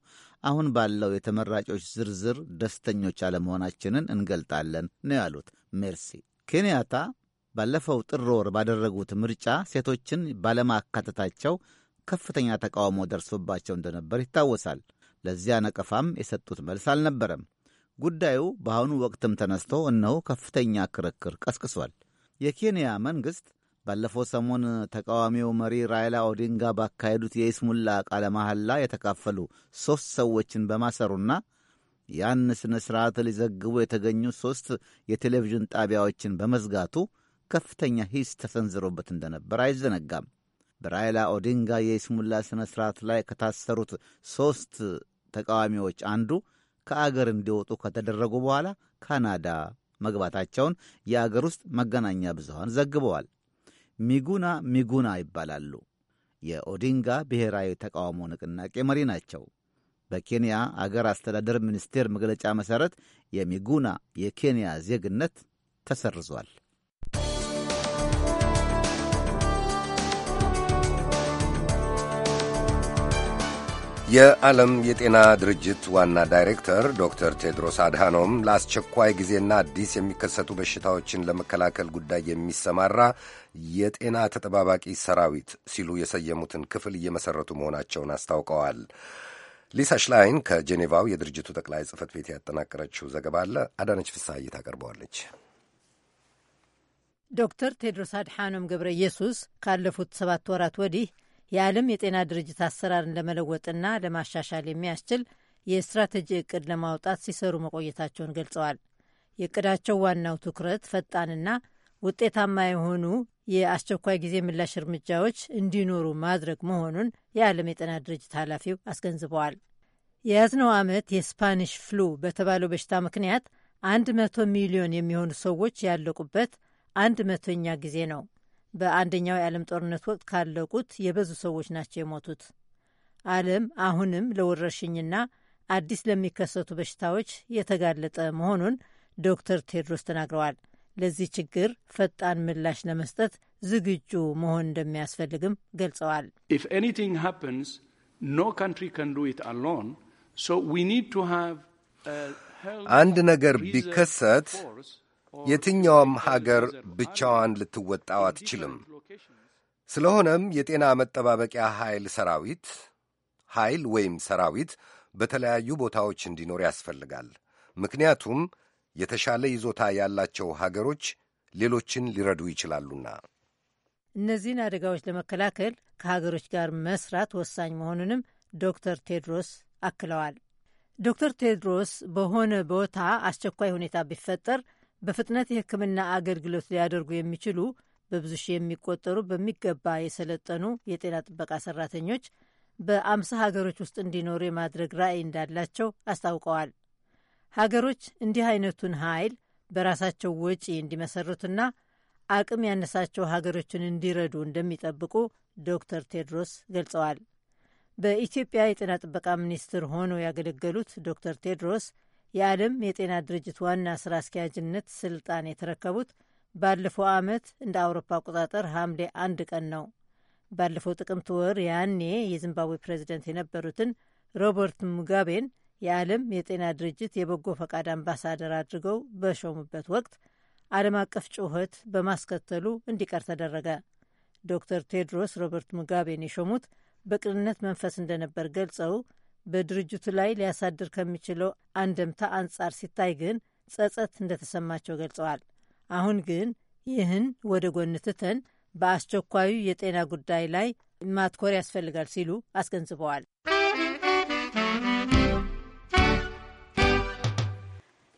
አሁን ባለው የተመራጮች ዝርዝር ደስተኞች አለመሆናችንን እንገልጣለን ነው ያሉት ሜርሲ ኬንያታ። ባለፈው ጥር ወር ባደረጉት ምርጫ ሴቶችን ባለማካተታቸው ከፍተኛ ተቃውሞ ደርሶባቸው እንደነበር ይታወሳል። ለዚያ ነቀፋም የሰጡት መልስ አልነበረም። ጉዳዩ በአሁኑ ወቅትም ተነስቶ እነሆ ከፍተኛ ክርክር ቀስቅሷል። የኬንያ መንግሥት ባለፈው ሰሞን ተቃዋሚው መሪ ራይላ ኦዲንጋ ባካሄዱት የኢስሙላ ቃለ መሐላ የተካፈሉ ሦስት ሰዎችን በማሰሩና ያን ሥነ ሥርዓት ሊዘግቡ የተገኙ ሦስት የቴሌቪዥን ጣቢያዎችን በመዝጋቱ ከፍተኛ ሂስ ተሰንዝሮበት እንደነበር አይዘነጋም። በራይላ ኦዲንጋ የኢስሙላ ሥነ ሥርዓት ላይ ከታሰሩት ሦስት ተቃዋሚዎች አንዱ ከአገር እንዲወጡ ከተደረጉ በኋላ ካናዳ መግባታቸውን የአገር ውስጥ መገናኛ ብዙሃን ዘግበዋል። ሚጉና ሚጉና ይባላሉ። የኦዲንጋ ብሔራዊ ተቃውሞ ንቅናቄ መሪ ናቸው። በኬንያ አገር አስተዳደር ሚኒስቴር መግለጫ መሠረት የሚጉና የኬንያ ዜግነት ተሰርዟል። የዓለም የጤና ድርጅት ዋና ዳይሬክተር ዶክተር ቴድሮስ አድሃኖም ለአስቸኳይ ጊዜና አዲስ የሚከሰቱ በሽታዎችን ለመከላከል ጉዳይ የሚሰማራ የጤና ተጠባባቂ ሰራዊት ሲሉ የሰየሙትን ክፍል እየመሠረቱ መሆናቸውን አስታውቀዋል። ሊሳ ሽላይን ከጄኔቫው የድርጅቱ ጠቅላይ ጽህፈት ቤት ያጠናቀረችው ዘገባ አለ። አዳነች ፍስሐዬ ታቀርበዋለች። ዶክተር ቴድሮስ አድሃኖም ገብረ ኢየሱስ ካለፉት ሰባት ወራት ወዲህ የዓለም የጤና ድርጅት አሰራርን ለመለወጥና ለማሻሻል የሚያስችል የስትራቴጂ እቅድ ለማውጣት ሲሰሩ መቆየታቸውን ገልጸዋል። የእቅዳቸው ዋናው ትኩረት ፈጣንና ውጤታማ የሆኑ የአስቸኳይ ጊዜ ምላሽ እርምጃዎች እንዲኖሩ ማድረግ መሆኑን የዓለም የጤና ድርጅት ኃላፊው አስገንዝበዋል። የያዝነው ዓመት የስፓኒሽ ፍሉ በተባለው በሽታ ምክንያት አንድ መቶ ሚሊዮን የሚሆኑ ሰዎች ያለቁበት አንድ መቶኛ ጊዜ ነው። በአንደኛው የዓለም ጦርነት ወቅት ካለቁት የበዙ ሰዎች ናቸው የሞቱት። ዓለም አሁንም ለወረርሽኝና አዲስ ለሚከሰቱ በሽታዎች የተጋለጠ መሆኑን ዶክተር ቴድሮስ ተናግረዋል። ለዚህ ችግር ፈጣን ምላሽ ለመስጠት ዝግጁ መሆን እንደሚያስፈልግም ገልጸዋል። ኢፍ ኤኒቲንግ ሃፕንስ ኖ ካንትሪ ካን ዱ ኢት አሎን ሶ ዊ ኒድ ቱ ሃቭ አንድ ነገር ቢከሰት የትኛውም ሀገር ብቻዋን ልትወጣው አትችልም። ስለሆነም የጤና መጠባበቂያ ኃይል ሰራዊት ኃይል ወይም ሰራዊት በተለያዩ ቦታዎች እንዲኖር ያስፈልጋል። ምክንያቱም የተሻለ ይዞታ ያላቸው ሀገሮች ሌሎችን ሊረዱ ይችላሉና። እነዚህን አደጋዎች ለመከላከል ከሀገሮች ጋር መስራት ወሳኝ መሆኑንም ዶክተር ቴድሮስ አክለዋል። ዶክተር ቴድሮስ በሆነ ቦታ አስቸኳይ ሁኔታ ቢፈጠር በፍጥነት የሕክምና አገልግሎት ሊያደርጉ የሚችሉ በብዙ ሺህ የሚቆጠሩ በሚገባ የሰለጠኑ የጤና ጥበቃ ሰራተኞች በአምሳ ሀገሮች ውስጥ እንዲኖሩ የማድረግ ራዕይ እንዳላቸው አስታውቀዋል። ሀገሮች እንዲህ አይነቱን ኃይል በራሳቸው ወጪ እንዲመሰርቱና አቅም ያነሳቸው ሀገሮችን እንዲረዱ እንደሚጠብቁ ዶክተር ቴድሮስ ገልጸዋል። በኢትዮጵያ የጤና ጥበቃ ሚኒስትር ሆነው ያገለገሉት ዶክተር ቴድሮስ የዓለም የጤና ድርጅት ዋና ስራ አስኪያጅነት ስልጣን የተረከቡት ባለፈው ዓመት እንደ አውሮፓ አቆጣጠር ሐምሌ አንድ ቀን ነው። ባለፈው ጥቅምት ወር ያኔ የዚምባብዌ ፕሬዚደንት የነበሩትን ሮበርት ሙጋቤን የዓለም የጤና ድርጅት የበጎ ፈቃድ አምባሳደር አድርገው በሾሙበት ወቅት ዓለም አቀፍ ጩኸት በማስከተሉ እንዲቀር ተደረገ። ዶክተር ቴድሮስ ሮበርት ሙጋቤን የሾሙት በቅንነት መንፈስ እንደነበር ገልጸው በድርጅቱ ላይ ሊያሳድር ከሚችለው አንደምታ አንጻር ሲታይ ግን ጸጸት እንደተሰማቸው ገልጸዋል። አሁን ግን ይህን ወደ ጎን ትተን በአስቸኳዩ የጤና ጉዳይ ላይ ማትኮር ያስፈልጋል ሲሉ አስገንዝበዋል።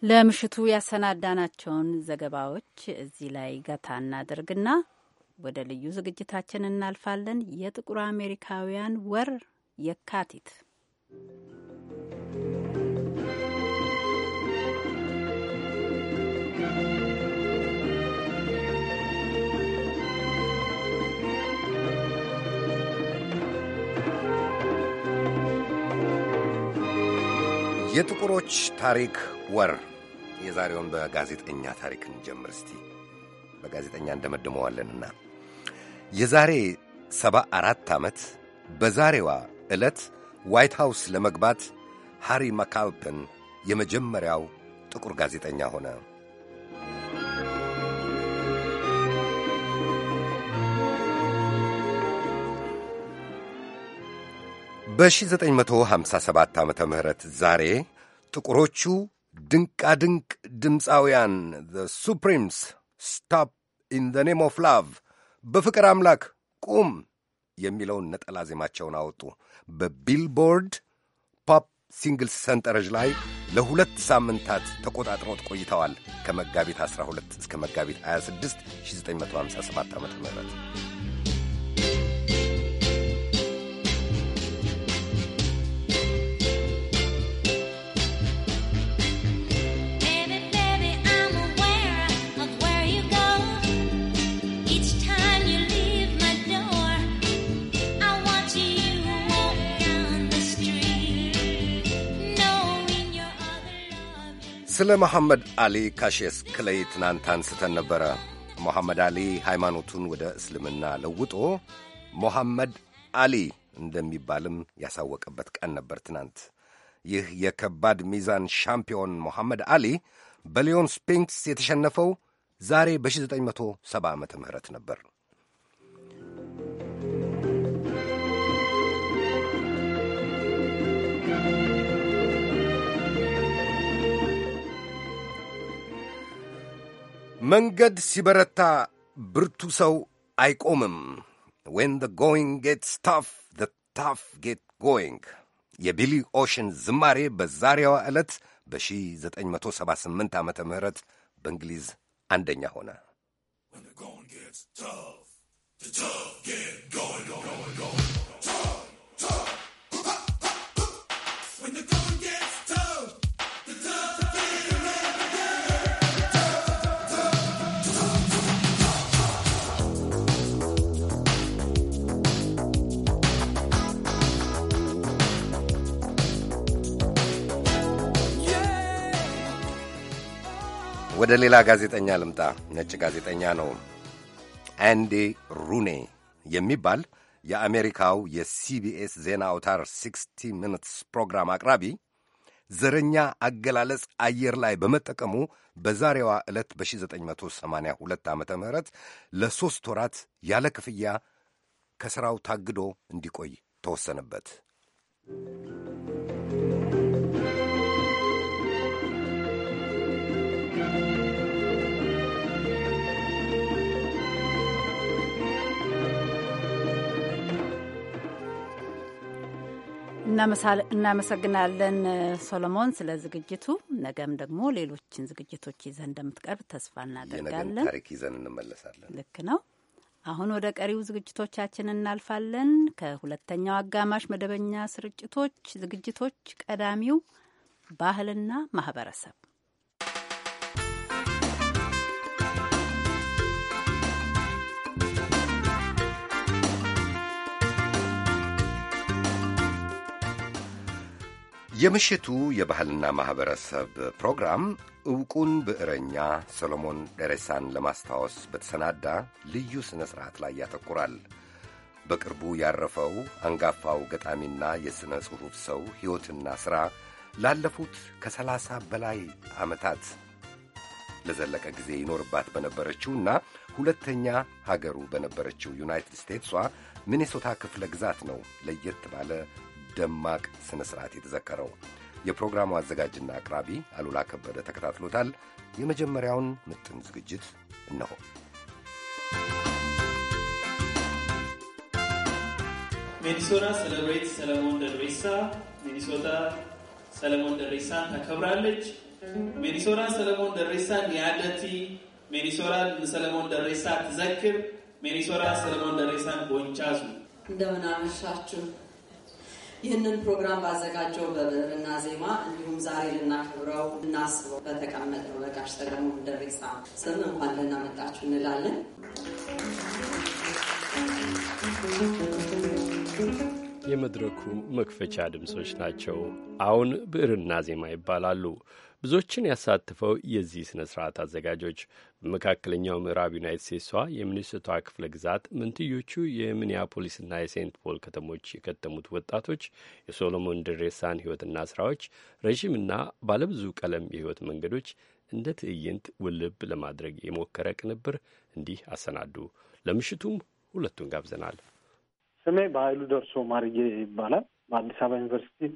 ለምሽቱ ያሰናዳናቸውን ዘገባዎች እዚህ ላይ ገታ እናደርግና ወደ ልዩ ዝግጅታችን እናልፋለን። የጥቁር አሜሪካውያን ወር የካቲት የጥቁሮች ታሪክ ወር የዛሬውን በጋዜጠኛ ታሪክ እንጀምር እስቲ። በጋዜጠኛ እንደመድመዋለንና የዛሬ ሰባ አራት ዓመት በዛሬዋ ዕለት ዋይት ሃውስ ለመግባት ሃሪ መካልፕን የመጀመሪያው ጥቁር ጋዜጠኛ ሆነ። በ1957 ዓ ም ዛሬ ጥቁሮቹ ድንቃድንቅ ድምፃውያን ዘ ሱፕሪምስ ስታፕ ኢን ዘ ኔም ኦፍ ላቭ በፍቅር አምላክ ቁም የሚለውን ነጠላ ዜማቸውን አወጡ። በቢልቦርድ ፖፕ ሲንግልስ ሰንጠረዥ ላይ ለሁለት ሳምንታት ተቆጣጥረውት ቆይተዋል። ከመጋቢት 12 እስከ መጋቢት 26 1957 ዓ ም ስለ መሐመድ አሊ ካሽስ ክለይ ትናንት አንስተን ነበረ። መሐመድ አሊ ሃይማኖቱን ወደ እስልምና ለውጦ ሞሐመድ አሊ እንደሚባልም ያሳወቀበት ቀን ነበር ትናንት። ይህ የከባድ ሚዛን ሻምፒዮን ሞሐመድ አሊ በሊዮን ስፒንክስ የተሸነፈው ዛሬ በ1970 ዓመተ ምህረት ነበር። መንገድ ሲበረታ ብርቱ ሰው አይቆምም። ዌን ዘ ጎይንግ ጌትስ ታፍ ዘ ታፍ ጌት ጎይንግ የቢሊ ኦሽን ዝማሬ በዛሬዋ ዕለት በ1978 ዓ ም በእንግሊዝ አንደኛ ሆነ። When the going gets tough, the tough get going, going, going. ወደ ሌላ ጋዜጠኛ ልምጣ። ነጭ ጋዜጠኛ ነው። አንዲ ሩኔ የሚባል የአሜሪካው የሲቢኤስ ዜና አውታር 60 ሚኒትስ ፕሮግራም አቅራቢ ዘረኛ አገላለጽ አየር ላይ በመጠቀሙ በዛሬዋ ዕለት በ1982 ዓ ም ለሦስት ወራት ያለ ክፍያ ከሥራው ታግዶ እንዲቆይ ተወሰነበት። እናመሰግናለን ሶሎሞን ስለ ዝግጅቱ። ነገም ደግሞ ሌሎችን ዝግጅቶች ይዘን እንደምትቀርብ ተስፋ እናደርጋለን። ታሪክ ይዘን እንመለሳለን። ልክ ነው። አሁን ወደ ቀሪው ዝግጅቶቻችን እናልፋለን። ከሁለተኛው አጋማሽ መደበኛ ስርጭቶች ዝግጅቶች ቀዳሚው ባህልና ማህበረሰብ የምሽቱ የባህልና ማኅበረሰብ ፕሮግራም ዕውቁን ብዕረኛ ሰሎሞን ደሬሳን ለማስታወስ በተሰናዳ ልዩ ሥነ ሥርዓት ላይ ያተኩራል። በቅርቡ ያረፈው አንጋፋው ገጣሚና የሥነ ጽሑፍ ሰው ሕይወትና ሥራ ላለፉት ከሰላሳ በላይ ዓመታት ለዘለቀ ጊዜ ይኖርባት በነበረችውና ሁለተኛ ሀገሩ በነበረችው ዩናይትድ ስቴትሷ ሚኔሶታ ክፍለ ግዛት ነው ለየት ባለ ደማቅ ስነ ስርዓት የተዘከረው። የፕሮግራሙ አዘጋጅና አቅራቢ አሉላ ከበደ ተከታትሎታል። የመጀመሪያውን ምጥን ዝግጅት እነሆ። ሚኒሶታ ሰለብሬት ሰለሞን ደሬሳ ሚኒሶታ ሰለሞን ደሬሳ ታከብራለች። ሚኒሶታ ሰለሞን ደሬሳ ያደቲ ሚኒሶታ ሰለሞን ደሬሳ ትዘክር። ሚኒሶታ ሰለሞን ደሬሳን ቦንቻዙ እንደምን አመሻችሁ። ይህንን ፕሮግራም ባዘጋጀው በብዕርና ዜማ እንዲሁም ዛሬ ልናክብረው በተቀመጥ ነው በጋሽ ሰለሞን ደሬሳ ስም እንኳን ልናመጣችሁ እንላለን። የመድረኩ መክፈቻ ድምፆች ናቸው። አሁን ብዕርና ዜማ ይባላሉ። ብዙዎችን ያሳትፈው የዚህ ስነ ስርዓት አዘጋጆች በመካከለኛው ምዕራብ ዩናይት ስቴትሷ የሚኒሶታ ክፍለ ግዛት ምንትዮቹ የሚኒያፖሊስና የሴንት ፖል ከተሞች የከተሙት ወጣቶች የሶሎሞን ድሬሳን ህይወትና ስራዎች ረዥምና ባለብዙ ቀለም የህይወት መንገዶች እንደ ትዕይንት ውልብ ለማድረግ የሞከረ ቅንብር እንዲህ አሰናዱ። ለምሽቱም ሁለቱን ጋብዘናል። ስሜ በኃይሉ ደርሶ ማርጌ ይባላል። በአዲስ አበባ ዩኒቨርሲቲ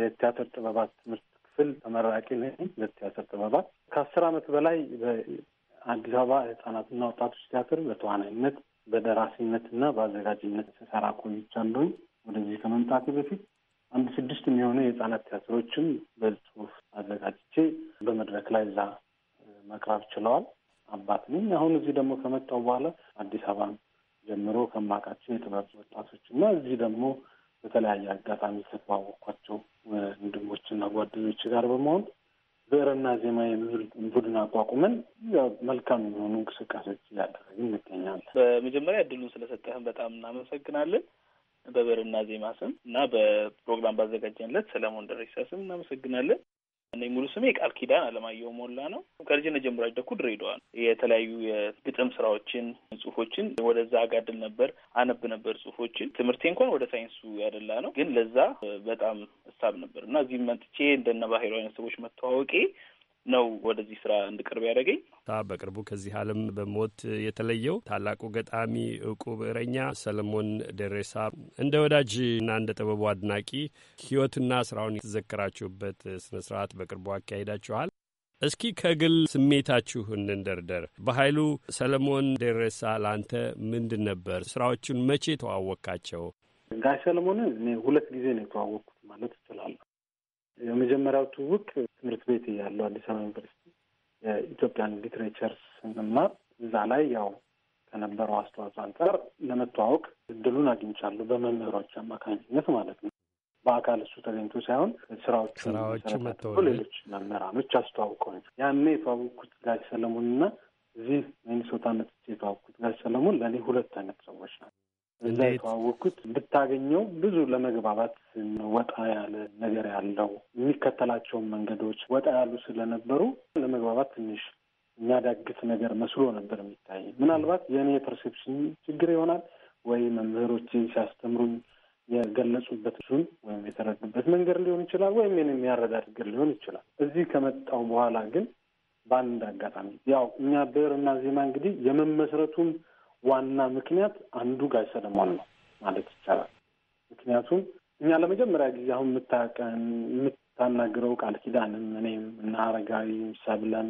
የቲያትር ጥበባት ትምህርት ክፍል ተመራቂ ነኝ። ሁለት ያሰር ጥበባት ከአስር አመት በላይ በአዲስ አበባ ህጻናትና ወጣቶች ቲያትር በተዋናይነት በደራሲነት እና በአዘጋጅነት ስሰራ ቆይቻለሁኝ። ወደዚህ ከመምጣቴ በፊት አንድ ስድስት የሚሆኑ የህጻናት ቲያትሮችን በጽሁፍ አዘጋጅቼ በመድረክ ላይ እዛ መቅረብ ችለዋል። አባት ነኝ። አሁን እዚህ ደግሞ ከመጣው በኋላ አዲስ አበባ ጀምሮ ከማውቃቸው የጥበብ ወጣቶች እና እዚህ ደግሞ በተለያየ አጋጣሚ ከተዋወቅኳቸው ወንድሞችና ጓደኞች ጋር በመሆን ብዕርና ዜማ የሚል ቡድን አቋቁመን መልካም የሚሆኑ እንቅስቃሴዎች እያደረግን እንገኛለን። በመጀመሪያ እድሉን ስለሰጠህን በጣም እናመሰግናለን። በብዕርና ዜማ ስም እና በፕሮግራም ባዘጋጀንለት ሰለሞን ደረሳ ስም እናመሰግናለን። እኔ ሙሉ ስሜ ቃል ኪዳን አለማየሁ ሞላ ነው። ከልጅነት ጀምሮ ያደኩ ድሬዳዋ ነው። የተለያዩ የግጥም ስራዎችን፣ ጽሁፎችን ወደዛ አጋድል ነበር፣ አነብ ነበር ጽሁፎችን። ትምህርቴ እንኳን ወደ ሳይንሱ ያደላ ነው፣ ግን ለዛ በጣም እሳብ ነበር እና እዚህ መጥቼ እንደነ ባህሩ አይነት ሰዎች መተዋወቄ ነው ወደዚህ ስራ እንድቀርብ ያደረገኝ። በቅርቡ ከዚህ ዓለም በሞት የተለየው ታላቁ ገጣሚ እውቁ ብዕረኛ ሰለሞን ደሬሳ እንደ እና እንደ ጥበቡ አድናቂ ህይወትና ስራውን የተዘከራችሁበት ስነ ስርዓት በቅርቡ አካሄዳችኋል። እስኪ ከግል ስሜታችሁ እንንደርደር። በኃይሉ ሰለሞን ደሬሳ ለአንተ ምንድን ነበር? ስራዎቹን መቼ ተዋወቅካቸው? ጋሽ ሰለሞንን እኔ ሁለት ጊዜ ነው የተዋወቅኩት ማለት እችላለሁ። የመጀመሪያው ትውውቅ ትምህርት ቤት እያለሁ አዲስ አበባ ዩኒቨርሲቲ የኢትዮጵያን ሊትሬቸር ስንማር እዛ ላይ ያው ከነበረው አስተዋጽኦ አንጻር ለመተዋወቅ እድሉን አግኝቻለሁ። በመምህሮች አማካኝነት ማለት ነው። በአካል እሱ ተገኝቶ ሳይሆን ስራዎቹ ሌሎች መምህራኖች አስተዋውቀው ያኔ የተዋወቅኩት ጋሽ ሰለሞን እና እዚህ ሚኒሶታ መጥቼ የተዋወቅኩት ጋሽ ሰለሞን ለእኔ ሁለት አይነት ሰዎች ናቸው። እዛ የተዋወቅኩት ብታገኘው ብዙ ለመግባባት ወጣ ያለ ነገር ያለው የሚከተላቸውን መንገዶች ወጣ ያሉ ስለነበሩ ለመግባባት ትንሽ የሚያዳግት ነገር መስሎ ነበር የሚታይ። ምናልባት የእኔ የፐርሴፕሽን ችግር ይሆናል ወይ መምህሮች ሲያስተምሩኝ የገለጹበት ዙን ወይም የተረዱበት መንገድ ሊሆን ይችላል፣ ወይም ን የሚያረዳድ ሊሆን ይችላል። እዚህ ከመጣው በኋላ ግን በአንድ አጋጣሚ ያው እኛ ብዕር ዜማ እንግዲህ የመመስረቱን ዋና ምክንያት አንዱ ጋሽ ሰለሞን ነው ማለት ይቻላል። ምክንያቱም እኛ ለመጀመሪያ ጊዜ አሁን የምታቀን የምታናግረው ቃል ኪዳንም እኔም እና አረጋዊ ሰብለን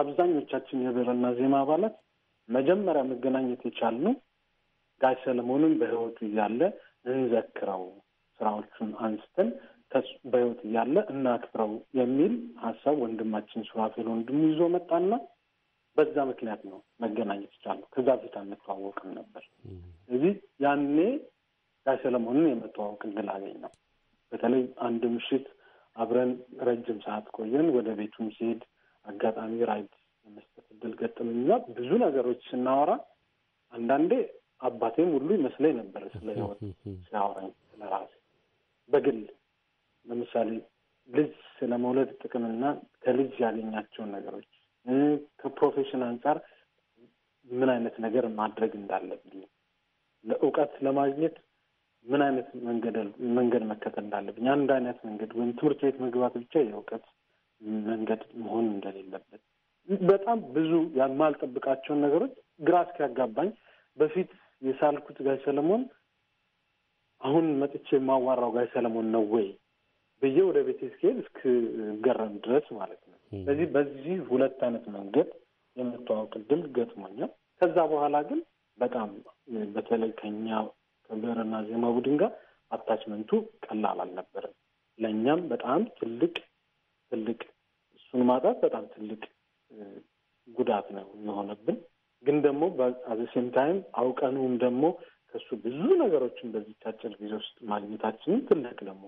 አብዛኞቻችን የብዕርና ዜማ አባላት መጀመሪያ መገናኘት የቻልነው ጋሽ ሰለሞንን በህይወቱ እያለ እንዘክረው ስራዎቹን አንስተን በህይወት እያለ እናክብረው የሚል ሀሳብ ወንድማችን ሱራፌል ወንድሙ ይዞ መጣና በዛ ምክንያት ነው መገናኘት ይቻሉ። ከዛ በፊት አንተዋወቅም ነበር። ስለዚህ ያኔ ጋሽ ሰለሞንን የመተዋወቅ እድል አገኝ ነው። በተለይ አንድ ምሽት አብረን ረጅም ሰዓት ቆየን። ወደ ቤቱም ሲሄድ አጋጣሚ ራይድ የመስጠት እድል ገጠመኝና ብዙ ነገሮች ስናወራ አንዳንዴ አባቴም ሁሉ ይመስለኝ ነበር ስለ ህይወት ሲያወራኝ ስለ ራሴ በግል ለምሳሌ ልጅ ስለ መውለድ ጥቅምና ከልጅ ያገኛቸውን ነገሮች ከፕሮፌሽን አንጻር ምን አይነት ነገር ማድረግ እንዳለብኝ፣ ለእውቀት ለማግኘት ምን አይነት መንገድ መንገድ መከተል እንዳለብኝ፣ አንድ አይነት መንገድ ወይም ትምህርት ቤት መግባት ብቻ የእውቀት መንገድ መሆን እንደሌለበት በጣም ብዙ የማልጠብቃቸውን ነገሮች ግራ እስኪያጋባኝ በፊት የሳልኩት ጋይ ሰለሞን አሁን መጥቼ የማዋራው ጋይ ሰለሞን ነው ወይ ብዬ ወደ ቤቴ ስሄድ እስክገረም ድረስ ማለት ነው። ስለዚህ በዚህ ሁለት አይነት መንገድ የምተዋወቅ እድል ገጥሞኛል። ከዛ በኋላ ግን በጣም በተለይ ከኛ ከብዕርና ዜማ ቡድን ጋር አታችመንቱ ቀላል አልነበረም። ለእኛም በጣም ትልቅ ትልቅ እሱን ማጣት በጣም ትልቅ ጉዳት ነው የሆነብን። ግን ደግሞ በአዘሴም ታይም አውቀኑም ደግሞ ከሱ ብዙ ነገሮችን በዚች አጭር ጊዜ ውስጥ ማግኘታችንን ትልቅ ደግሞ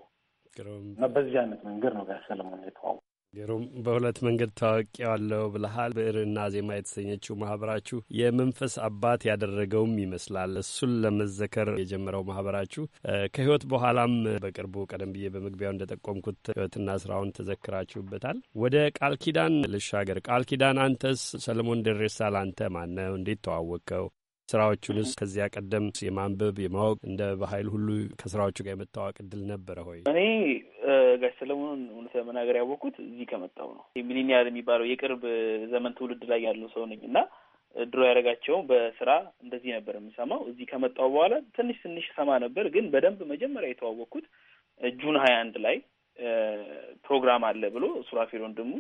እና በዚህ አይነት መንገድ ነው ጋር ሰለሞን የተዋወቅ ግሩም በሁለት መንገድ ታውቂዋለሁ ብለሃል። ብዕርና ዜማ የተሰኘችው ማህበራችሁ የመንፈስ አባት ያደረገውም ይመስላል። እሱን ለመዘከር የጀመረው ማህበራችሁ ከህይወት በኋላም በቅርቡ ቀደም ብዬ በመግቢያው እንደጠቆምኩት ህይወትና ስራውን ተዘክራችሁበታል። ወደ ቃል ኪዳን ልሻገር። ቃል ኪዳን አንተስ ሰለሞን ደሬሳ ላንተ ማነው? እንዴት ተዋወቅከው? ስራዎቹንስ ከዚያ ቀደም የማንበብ የማወቅ እንደ በሀይል ሁሉ ከስራዎቹ ጋር የመታወቅ እድል ነበረ ሆይ? እኔ ጋሽ ሰለሞን እውነት ለመናገር ያወቅኩት እዚህ ከመጣው ነው። ሚሊኒያል የሚባለው የቅርብ ዘመን ትውልድ ላይ ያለው ሰው ነኝ እና ድሮ ያደረጋቸው በስራ እንደዚህ ነበር የሚሰማው። እዚህ ከመጣው በኋላ ትንሽ ትንሽ ሰማ ነበር፣ ግን በደንብ መጀመሪያ የተዋወቅኩት ጁን ሀያ አንድ ላይ ፕሮግራም አለ ብሎ ሱራፌል ወንድሙ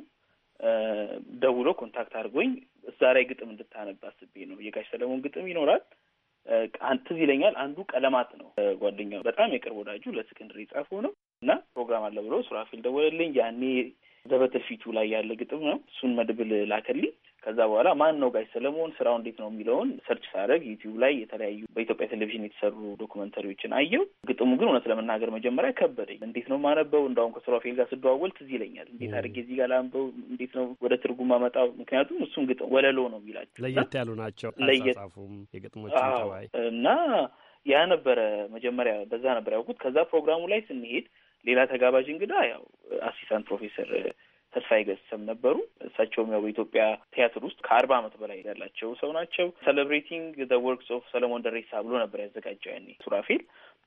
ደውሎ ኮንታክት አድርጎኝ እዛ ላይ ግጥም እንድታነብ አስቤ ነው። የጋሽ ሰለሞን ግጥም ይኖራል። ትዝ ይለኛል አንዱ ቀለማት ነው። ጓደኛው በጣም የቅርብ ወዳጁ ለእስክንድር የጻፈው ነው። እና ፕሮግራም አለ ብሎ ሱራፊል ደወለልኝ። ያኔ ፊቱ ላይ ያለ ግጥም ነው። እሱን መድብል ላከልኝ። ከዛ በኋላ ማን ነው ጋሽ ሰለሞን ስራው እንዴት ነው የሚለውን ሰርች ሳደርግ ዩቲዩብ ላይ የተለያዩ በኢትዮጵያ ቴሌቪዥን የተሰሩ ዶክመንተሪዎችን አየው። ግጥሙ ግን እውነት ለመናገር መጀመሪያ ከበደኝ። እንዴት ነው ማነበው? እንዳሁን ከሱራፌል ጋር ስደዋወል ትዝ ይለኛል። እንዴት አድርጌ እዚህ ጋር ላንበው? እንዴት ነው ወደ ትርጉም አመጣው? ምክንያቱም እሱም ግጥም ወለሎ ነው የሚላቸው ለየት ያሉ ናቸው። አጻጻፉም የግጥሞች ተባይ እና ያ ነበረ መጀመሪያ በዛ ነበር ያውቁት። ከዛ ፕሮግራሙ ላይ ስንሄድ ሌላ ተጋባዥ እንግዳ ያው አሲስታንት ፕሮፌሰር ተስፋዬ ገሰም ነበሩ። እሳቸውም ያው በኢትዮጵያ ቲያትር ውስጥ ከአርባ አመት በላይ ያላቸው ሰው ናቸው። ሴሌብሬቲንግ ዘ ወርክስ ኦፍ ሰለሞን ደሬሳ ብሎ ነበር ያዘጋጀው ያኔ ሱራፌል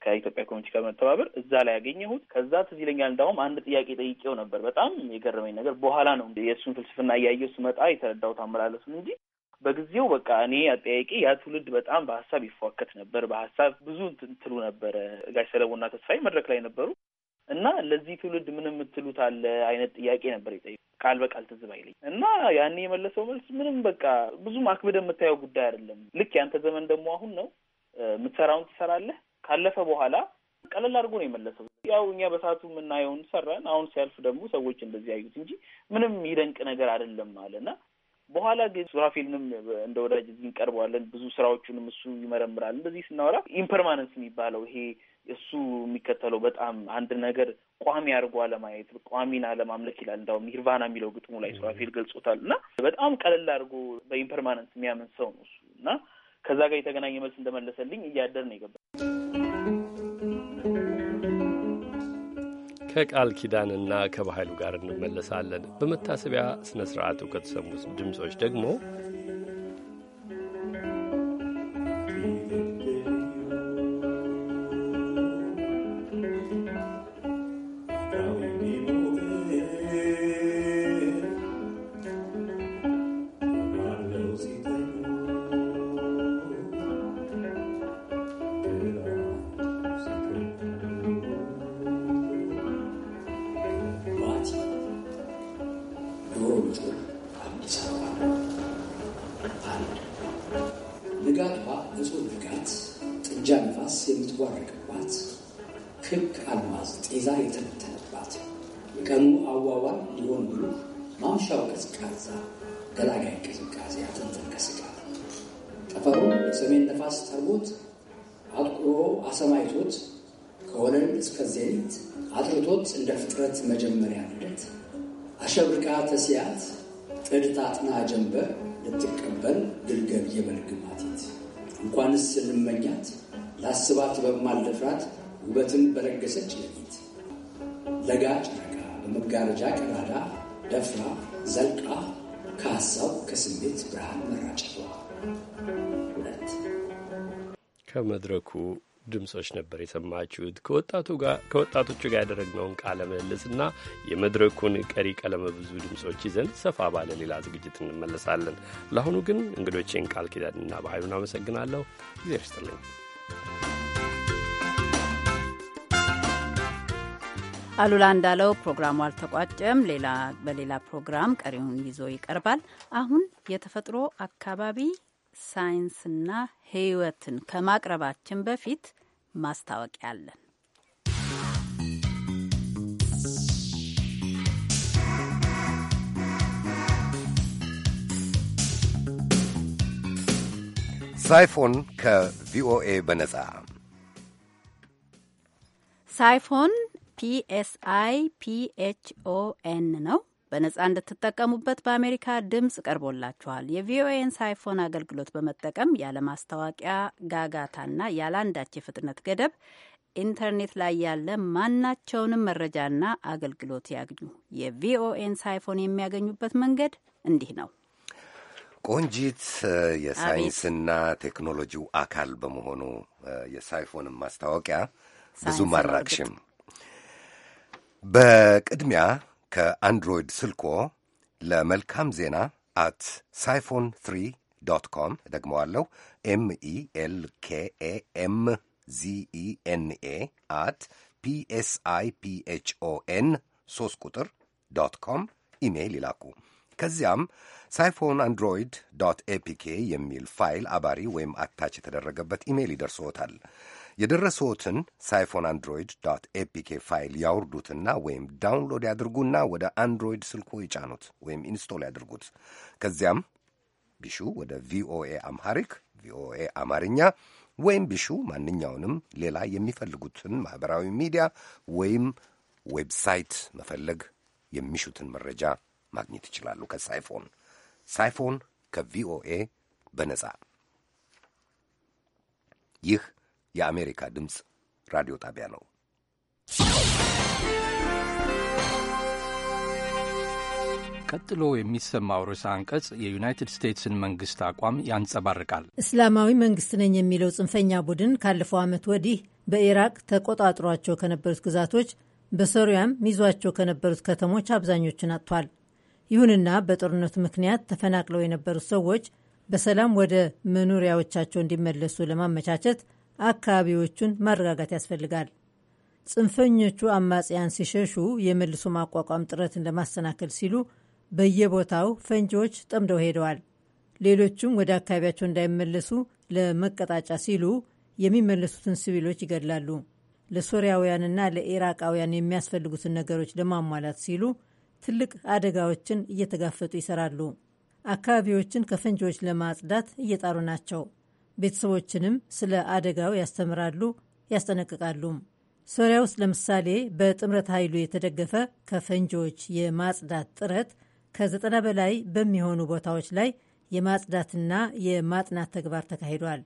ከኢትዮጵያ ኮሚኒቲ ጋር መተባበር እዛ ላይ ያገኘሁት። ከዛ ትዝ ይለኛል እንዳውም አንድ ጥያቄ ጠይቄው ነበር። በጣም የገረመኝ ነገር በኋላ ነው የእሱን ፍልስፍና እያየው ስመጣ የተረዳሁት አመላለሱን እንጂ በጊዜው በቃ እኔ አጠያቂ ያ ትውልድ በጣም በሀሳብ ይፏከት ነበር። በሀሳብ ብዙ ትሉ ነበረ። ጋሽ ሰለሞንና ተስፋዬ መድረክ ላይ ነበሩ። እና ለዚህ ትውልድ ምን የምትሉት አለ አይነት ጥያቄ ነበር የጠየቁት። ቃል በቃል ትዝ ባይለኝ እና ያኔ የመለሰው መልስ ምንም በቃ ብዙም አክብደ የምታየው ጉዳይ አይደለም። ልክ ያንተ ዘመን ደግሞ አሁን ነው፣ የምትሰራውን ትሰራለህ። ካለፈ በኋላ ቀለል አድርጎ ነው የመለሰው። ያው እኛ በሰዓቱ የምናየውን ሰራን። አሁን ሲያልፍ ደግሞ ሰዎች እንደዚህ ያዩት እንጂ ምንም ይደንቅ ነገር አይደለም እና በኋላ ግን ሱራፌልንም እንደ ወዳጅ እዚህ እንቀርበዋለን። ብዙ ስራዎቹንም እሱ ይመረምራል። እንደዚህ ስናወራ ኢምፐርማነንስ የሚባለው ይሄ እሱ የሚከተለው በጣም አንድ ነገር ቋሚ አድርጎ አለማየት ቋሚን አለማምለክ ይላል። እንዳውም ኒርቫና የሚለው ግጥሙ ላይ ሱራፌል ገልጾታል። እና በጣም ቀለል አድርጎ በኢምፐርማነንስ የሚያምን ሰው ነው እሱ እና ከዛ ጋር የተገናኘ መልስ እንደመለሰልኝ እያደር ነው የገባል። ከቃል ኪዳንና ከባህሉ ጋር እንመለሳለን። በመታሰቢያ ስነ ስርዓቱ ከተሰሙት ድምፆች ደግሞ የተበተነባት የቀኑ አዋዋል ሊሆን ብሎ ማምሻው ቀዝቃዛ ገላጋይ ቅዝቃዜ አጥንትን ቀስቃል። ጠፈሩ የሰሜን ነፋስ ጠርቦት አጥቁሮ አሰማይቶት ከወለል እስከ ዜኒት አጥርቶት እንደ ፍጥረት መጀመሪያ ልደት አሸብርቃ ተስያት ጥድታትና ጀንበር ልትቀበል ድልገብ የበልግማቴት እንኳንስ ልመኛት ላስባት በማልደፍራት ውበትን በለገሰች ለጋጭ ነቃ በመጋረጃ ቀዳዳ ደፍራ ዘልቃ ከሀሳብ ከስሜት ብርሃን መራጭቷ ሁለት ከመድረኩ ድምጾች ነበር የሰማችሁት። ከወጣቶቹ ጋር ያደረግነውን ቃለ ምልልስና የመድረኩን ቀሪ ቀለመ ብዙ ድምጾች ይዘን ሰፋ ባለ ሌላ ዝግጅት እንመለሳለን። ለአሁኑ ግን እንግዶቼን ቃል ኪዳንና ባህሉን አመሰግናለሁ። ጊዜ ርስጥልኝ። አሉላ እንዳለው ፕሮግራሙ አልተቋጨም። ሌላ በሌላ ፕሮግራም ቀሪውን ይዞ ይቀርባል። አሁን የተፈጥሮ አካባቢ ሳይንስና ሕይወትን ከማቅረባችን በፊት ማስታወቂያ አለን። ሳይፎን ከቪኦኤ በነጻ ሳይፎን ፒኤስአይ ፒኤችኦኤን ነው። በነጻ እንድትጠቀሙበት በአሜሪካ ድምፅ ቀርቦላችኋል። የቪኦኤን ሳይፎን አገልግሎት በመጠቀም ያለ ማስታወቂያ ጋጋታና ያለአንዳች የፍጥነት ገደብ ኢንተርኔት ላይ ያለ ማናቸውንም መረጃና አገልግሎት ያግኙ። የቪኦኤን ሳይፎን የሚያገኙበት መንገድ እንዲህ ነው። ቆንጂት የሳይንስና ቴክኖሎጂው አካል በመሆኑ የሳይፎንም ማስታወቂያ ብዙ ማራቅሽም በቅድሚያ ከአንድሮይድ ስልኮ ለመልካም ዜና አት ሳይፎን ትሪ ዶት ኮም ደግመዋለሁ። ኤምኢኤልኬኤኤም ዚኢኤንኤ አት ፒኤችኦኤን ሶስት ቁጥር ዶት ኮም ኢሜይል ይላኩ። ከዚያም ሳይፎን አንድሮይድ ዶት ኤፒኬ የሚል ፋይል አባሪ ወይም አታች የተደረገበት ኢሜይል ይደርስዎታል። የደረሰዎትን ሳይፎን አንድሮይድ ዶት ኤፒኬ ፋይል ያውርዱትና ወይም ዳውንሎድ ያድርጉና ወደ አንድሮይድ ስልኮ ይጫኑት ወይም ኢንስቶል ያድርጉት። ከዚያም ቢሹ ወደ ቪኦኤ አምሃሪክ ቪኦኤ አማርኛ ወይም ቢሹ ማንኛውንም ሌላ የሚፈልጉትን ማኅበራዊ ሚዲያ ወይም ዌብሳይት መፈለግ የሚሹትን መረጃ ማግኘት ይችላሉ። ከሳይፎን ሳይፎን ከቪኦኤ በነጻ ይህ የአሜሪካ ድምፅ ራዲዮ ጣቢያ ነው። ቀጥሎ የሚሰማው ርዕሰ አንቀጽ የዩናይትድ ስቴትስን መንግስት አቋም ያንጸባርቃል። እስላማዊ መንግስት ነኝ የሚለው ጽንፈኛ ቡድን ካለፈው ዓመት ወዲህ በኢራቅ ተቆጣጥሯቸው ከነበሩት ግዛቶች፣ በሶሪያም ይዟቸው ከነበሩት ከተሞች አብዛኞቹን አጥቷል። ይሁንና በጦርነቱ ምክንያት ተፈናቅለው የነበሩት ሰዎች በሰላም ወደ መኖሪያዎቻቸው እንዲመለሱ ለማመቻቸት አካባቢዎቹን ማረጋጋት ያስፈልጋል። ጽንፈኞቹ አማጽያን ሲሸሹ የመልሶ ማቋቋም ጥረትን ለማሰናከል ሲሉ በየቦታው ፈንጂዎች ጠምደው ሄደዋል። ሌሎቹም ወደ አካባቢያቸው እንዳይመለሱ ለመቀጣጫ ሲሉ የሚመለሱትን ሲቪሎች ይገድላሉ። ለሶሪያውያንና ለኢራቃውያን የሚያስፈልጉትን ነገሮች ለማሟላት ሲሉ ትልቅ አደጋዎችን እየተጋፈጡ ይሰራሉ። አካባቢዎችን ከፈንጂዎች ለማጽዳት እየጣሩ ናቸው። ቤተሰቦችንም ስለ አደጋው ያስተምራሉ፣ ያስጠነቅቃሉ። ሶሪያ ውስጥ ለምሳሌ በጥምረት ኃይሉ የተደገፈ ከፈንጂዎች የማጽዳት ጥረት ከዘጠና በላይ በሚሆኑ ቦታዎች ላይ የማጽዳትና የማጥናት ተግባር ተካሂዷል።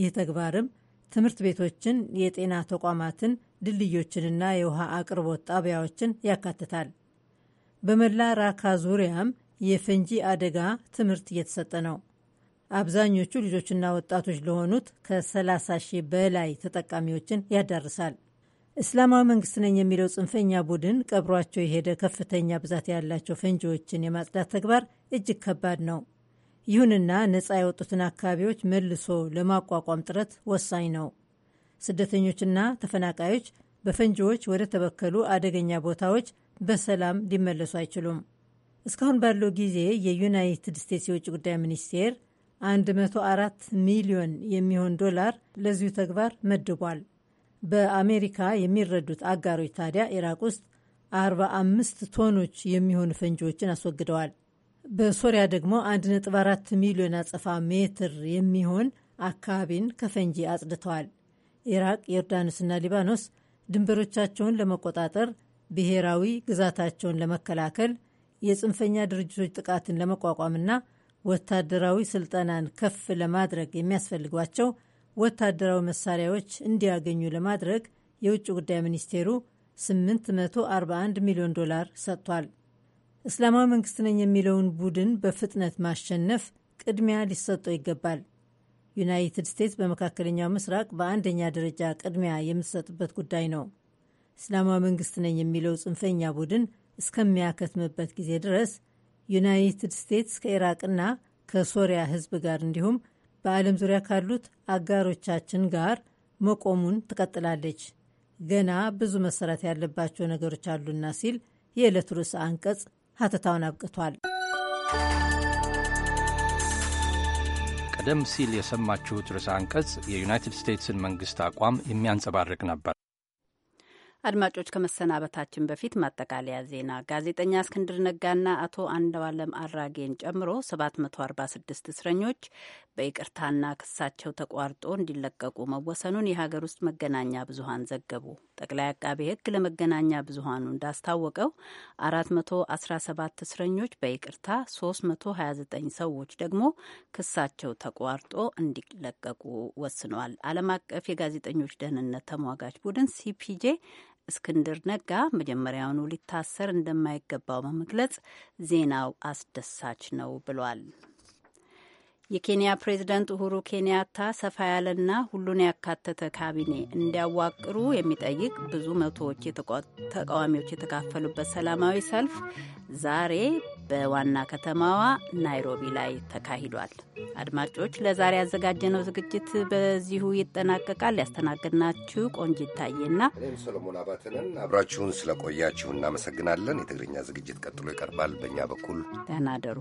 ይህ ተግባርም ትምህርት ቤቶችን፣ የጤና ተቋማትን፣ ድልድዮችንና የውሃ አቅርቦት ጣቢያዎችን ያካትታል። በመላ ራካ ዙሪያም የፈንጂ አደጋ ትምህርት እየተሰጠ ነው። አብዛኞቹ ልጆችና ወጣቶች ለሆኑት ከ30 ሺህ በላይ ተጠቃሚዎችን ያዳርሳል። እስላማዊ መንግስት ነኝ የሚለው ጽንፈኛ ቡድን ቀብሯቸው የሄደ ከፍተኛ ብዛት ያላቸው ፈንጂዎችን የማጽዳት ተግባር እጅግ ከባድ ነው። ይሁንና ነፃ የወጡትን አካባቢዎች መልሶ ለማቋቋም ጥረት ወሳኝ ነው። ስደተኞችና ተፈናቃዮች በፈንጂዎች ወደ ተበከሉ አደገኛ ቦታዎች በሰላም ሊመለሱ አይችሉም። እስካሁን ባለው ጊዜ የዩናይትድ ስቴትስ የውጭ ጉዳይ ሚኒስቴር 104 ሚሊዮን የሚሆን ዶላር ለዚሁ ተግባር መድቧል። በአሜሪካ የሚረዱት አጋሮች ታዲያ ኢራቅ ውስጥ 45 ቶኖች የሚሆኑ ፈንጂዎችን አስወግደዋል። በሶሪያ ደግሞ 1.4 ሚሊዮን አጸፋ ሜትር የሚሆን አካባቢን ከፈንጂ አጽድተዋል። ኢራቅ፣ ዮርዳኖስና ሊባኖስ ድንበሮቻቸውን ለመቆጣጠር ብሔራዊ ግዛታቸውን ለመከላከል የጽንፈኛ ድርጅቶች ጥቃትን ለመቋቋምና ወታደራዊ ስልጠናን ከፍ ለማድረግ የሚያስፈልጓቸው ወታደራዊ መሳሪያዎች እንዲያገኙ ለማድረግ የውጭ ጉዳይ ሚኒስቴሩ 841 ሚሊዮን ዶላር ሰጥቷል። እስላማዊ መንግስት ነኝ የሚለውን ቡድን በፍጥነት ማሸነፍ ቅድሚያ ሊሰጠው ይገባል። ዩናይትድ ስቴትስ በመካከለኛው ምስራቅ በአንደኛ ደረጃ ቅድሚያ የምትሰጥበት ጉዳይ ነው። እስላማዊ መንግስት ነኝ የሚለው ጽንፈኛ ቡድን እስከሚያከትምበት ጊዜ ድረስ ዩናይትድ ስቴትስ ከኢራቅና ከሶሪያ ህዝብ ጋር እንዲሁም በዓለም ዙሪያ ካሉት አጋሮቻችን ጋር መቆሙን ትቀጥላለች። ገና ብዙ መሰራት ያለባቸው ነገሮች አሉና ሲል የዕለቱ ርዕሰ አንቀጽ ሀተታውን አብቅቷል። ቀደም ሲል የሰማችሁት ርዕሰ አንቀጽ የዩናይትድ ስቴትስን መንግሥት አቋም የሚያንጸባርቅ ነበር። አድማጮች ከመሰናበታችን በፊት ማጠቃለያ ዜና። ጋዜጠኛ እስክንድር ነጋና አቶ አንደዋለም አራጌን ጨምሮ 746 እስረኞች በይቅርታና ክሳቸው ተቋርጦ እንዲለቀቁ መወሰኑን የሀገር ውስጥ መገናኛ ብዙሀን ዘገቡ። ጠቅላይ አቃቤ ሕግ ለመገናኛ ብዙሀኑ እንዳስታወቀው 417 እስረኞች በይቅርታ፣ 329 ሰዎች ደግሞ ክሳቸው ተቋርጦ እንዲለቀቁ ወስኗል። ዓለም አቀፍ የጋዜጠኞች ደህንነት ተሟጋች ቡድን ሲፒጄ እስክንድር ነጋ መጀመሪያውኑ ሊታሰር እንደማይገባው በመግለጽ ዜናው አስደሳች ነው ብሏል። የኬንያ ፕሬዝደንት ኡሁሩ ኬንያታ ሰፋ ያለና ሁሉን ያካተተ ካቢኔ እንዲያዋቅሩ የሚጠይቅ ብዙ መቶዎች ተቃዋሚዎች የተካፈሉበት ሰላማዊ ሰልፍ ዛሬ በዋና ከተማዋ ናይሮቢ ላይ ተካሂዷል። አድማጮች፣ ለዛሬ ያዘጋጀነው ዝግጅት በዚሁ ይጠናቀቃል። ያስተናገድናችሁ ቆንጂት ታዬና እኔም ሰሎሞን አባተነን አብራችሁን ስለቆያችሁ እናመሰግናለን። የትግርኛ ዝግጅት ቀጥሎ ይቀርባል። በእኛ በኩል ደህና ደሩ።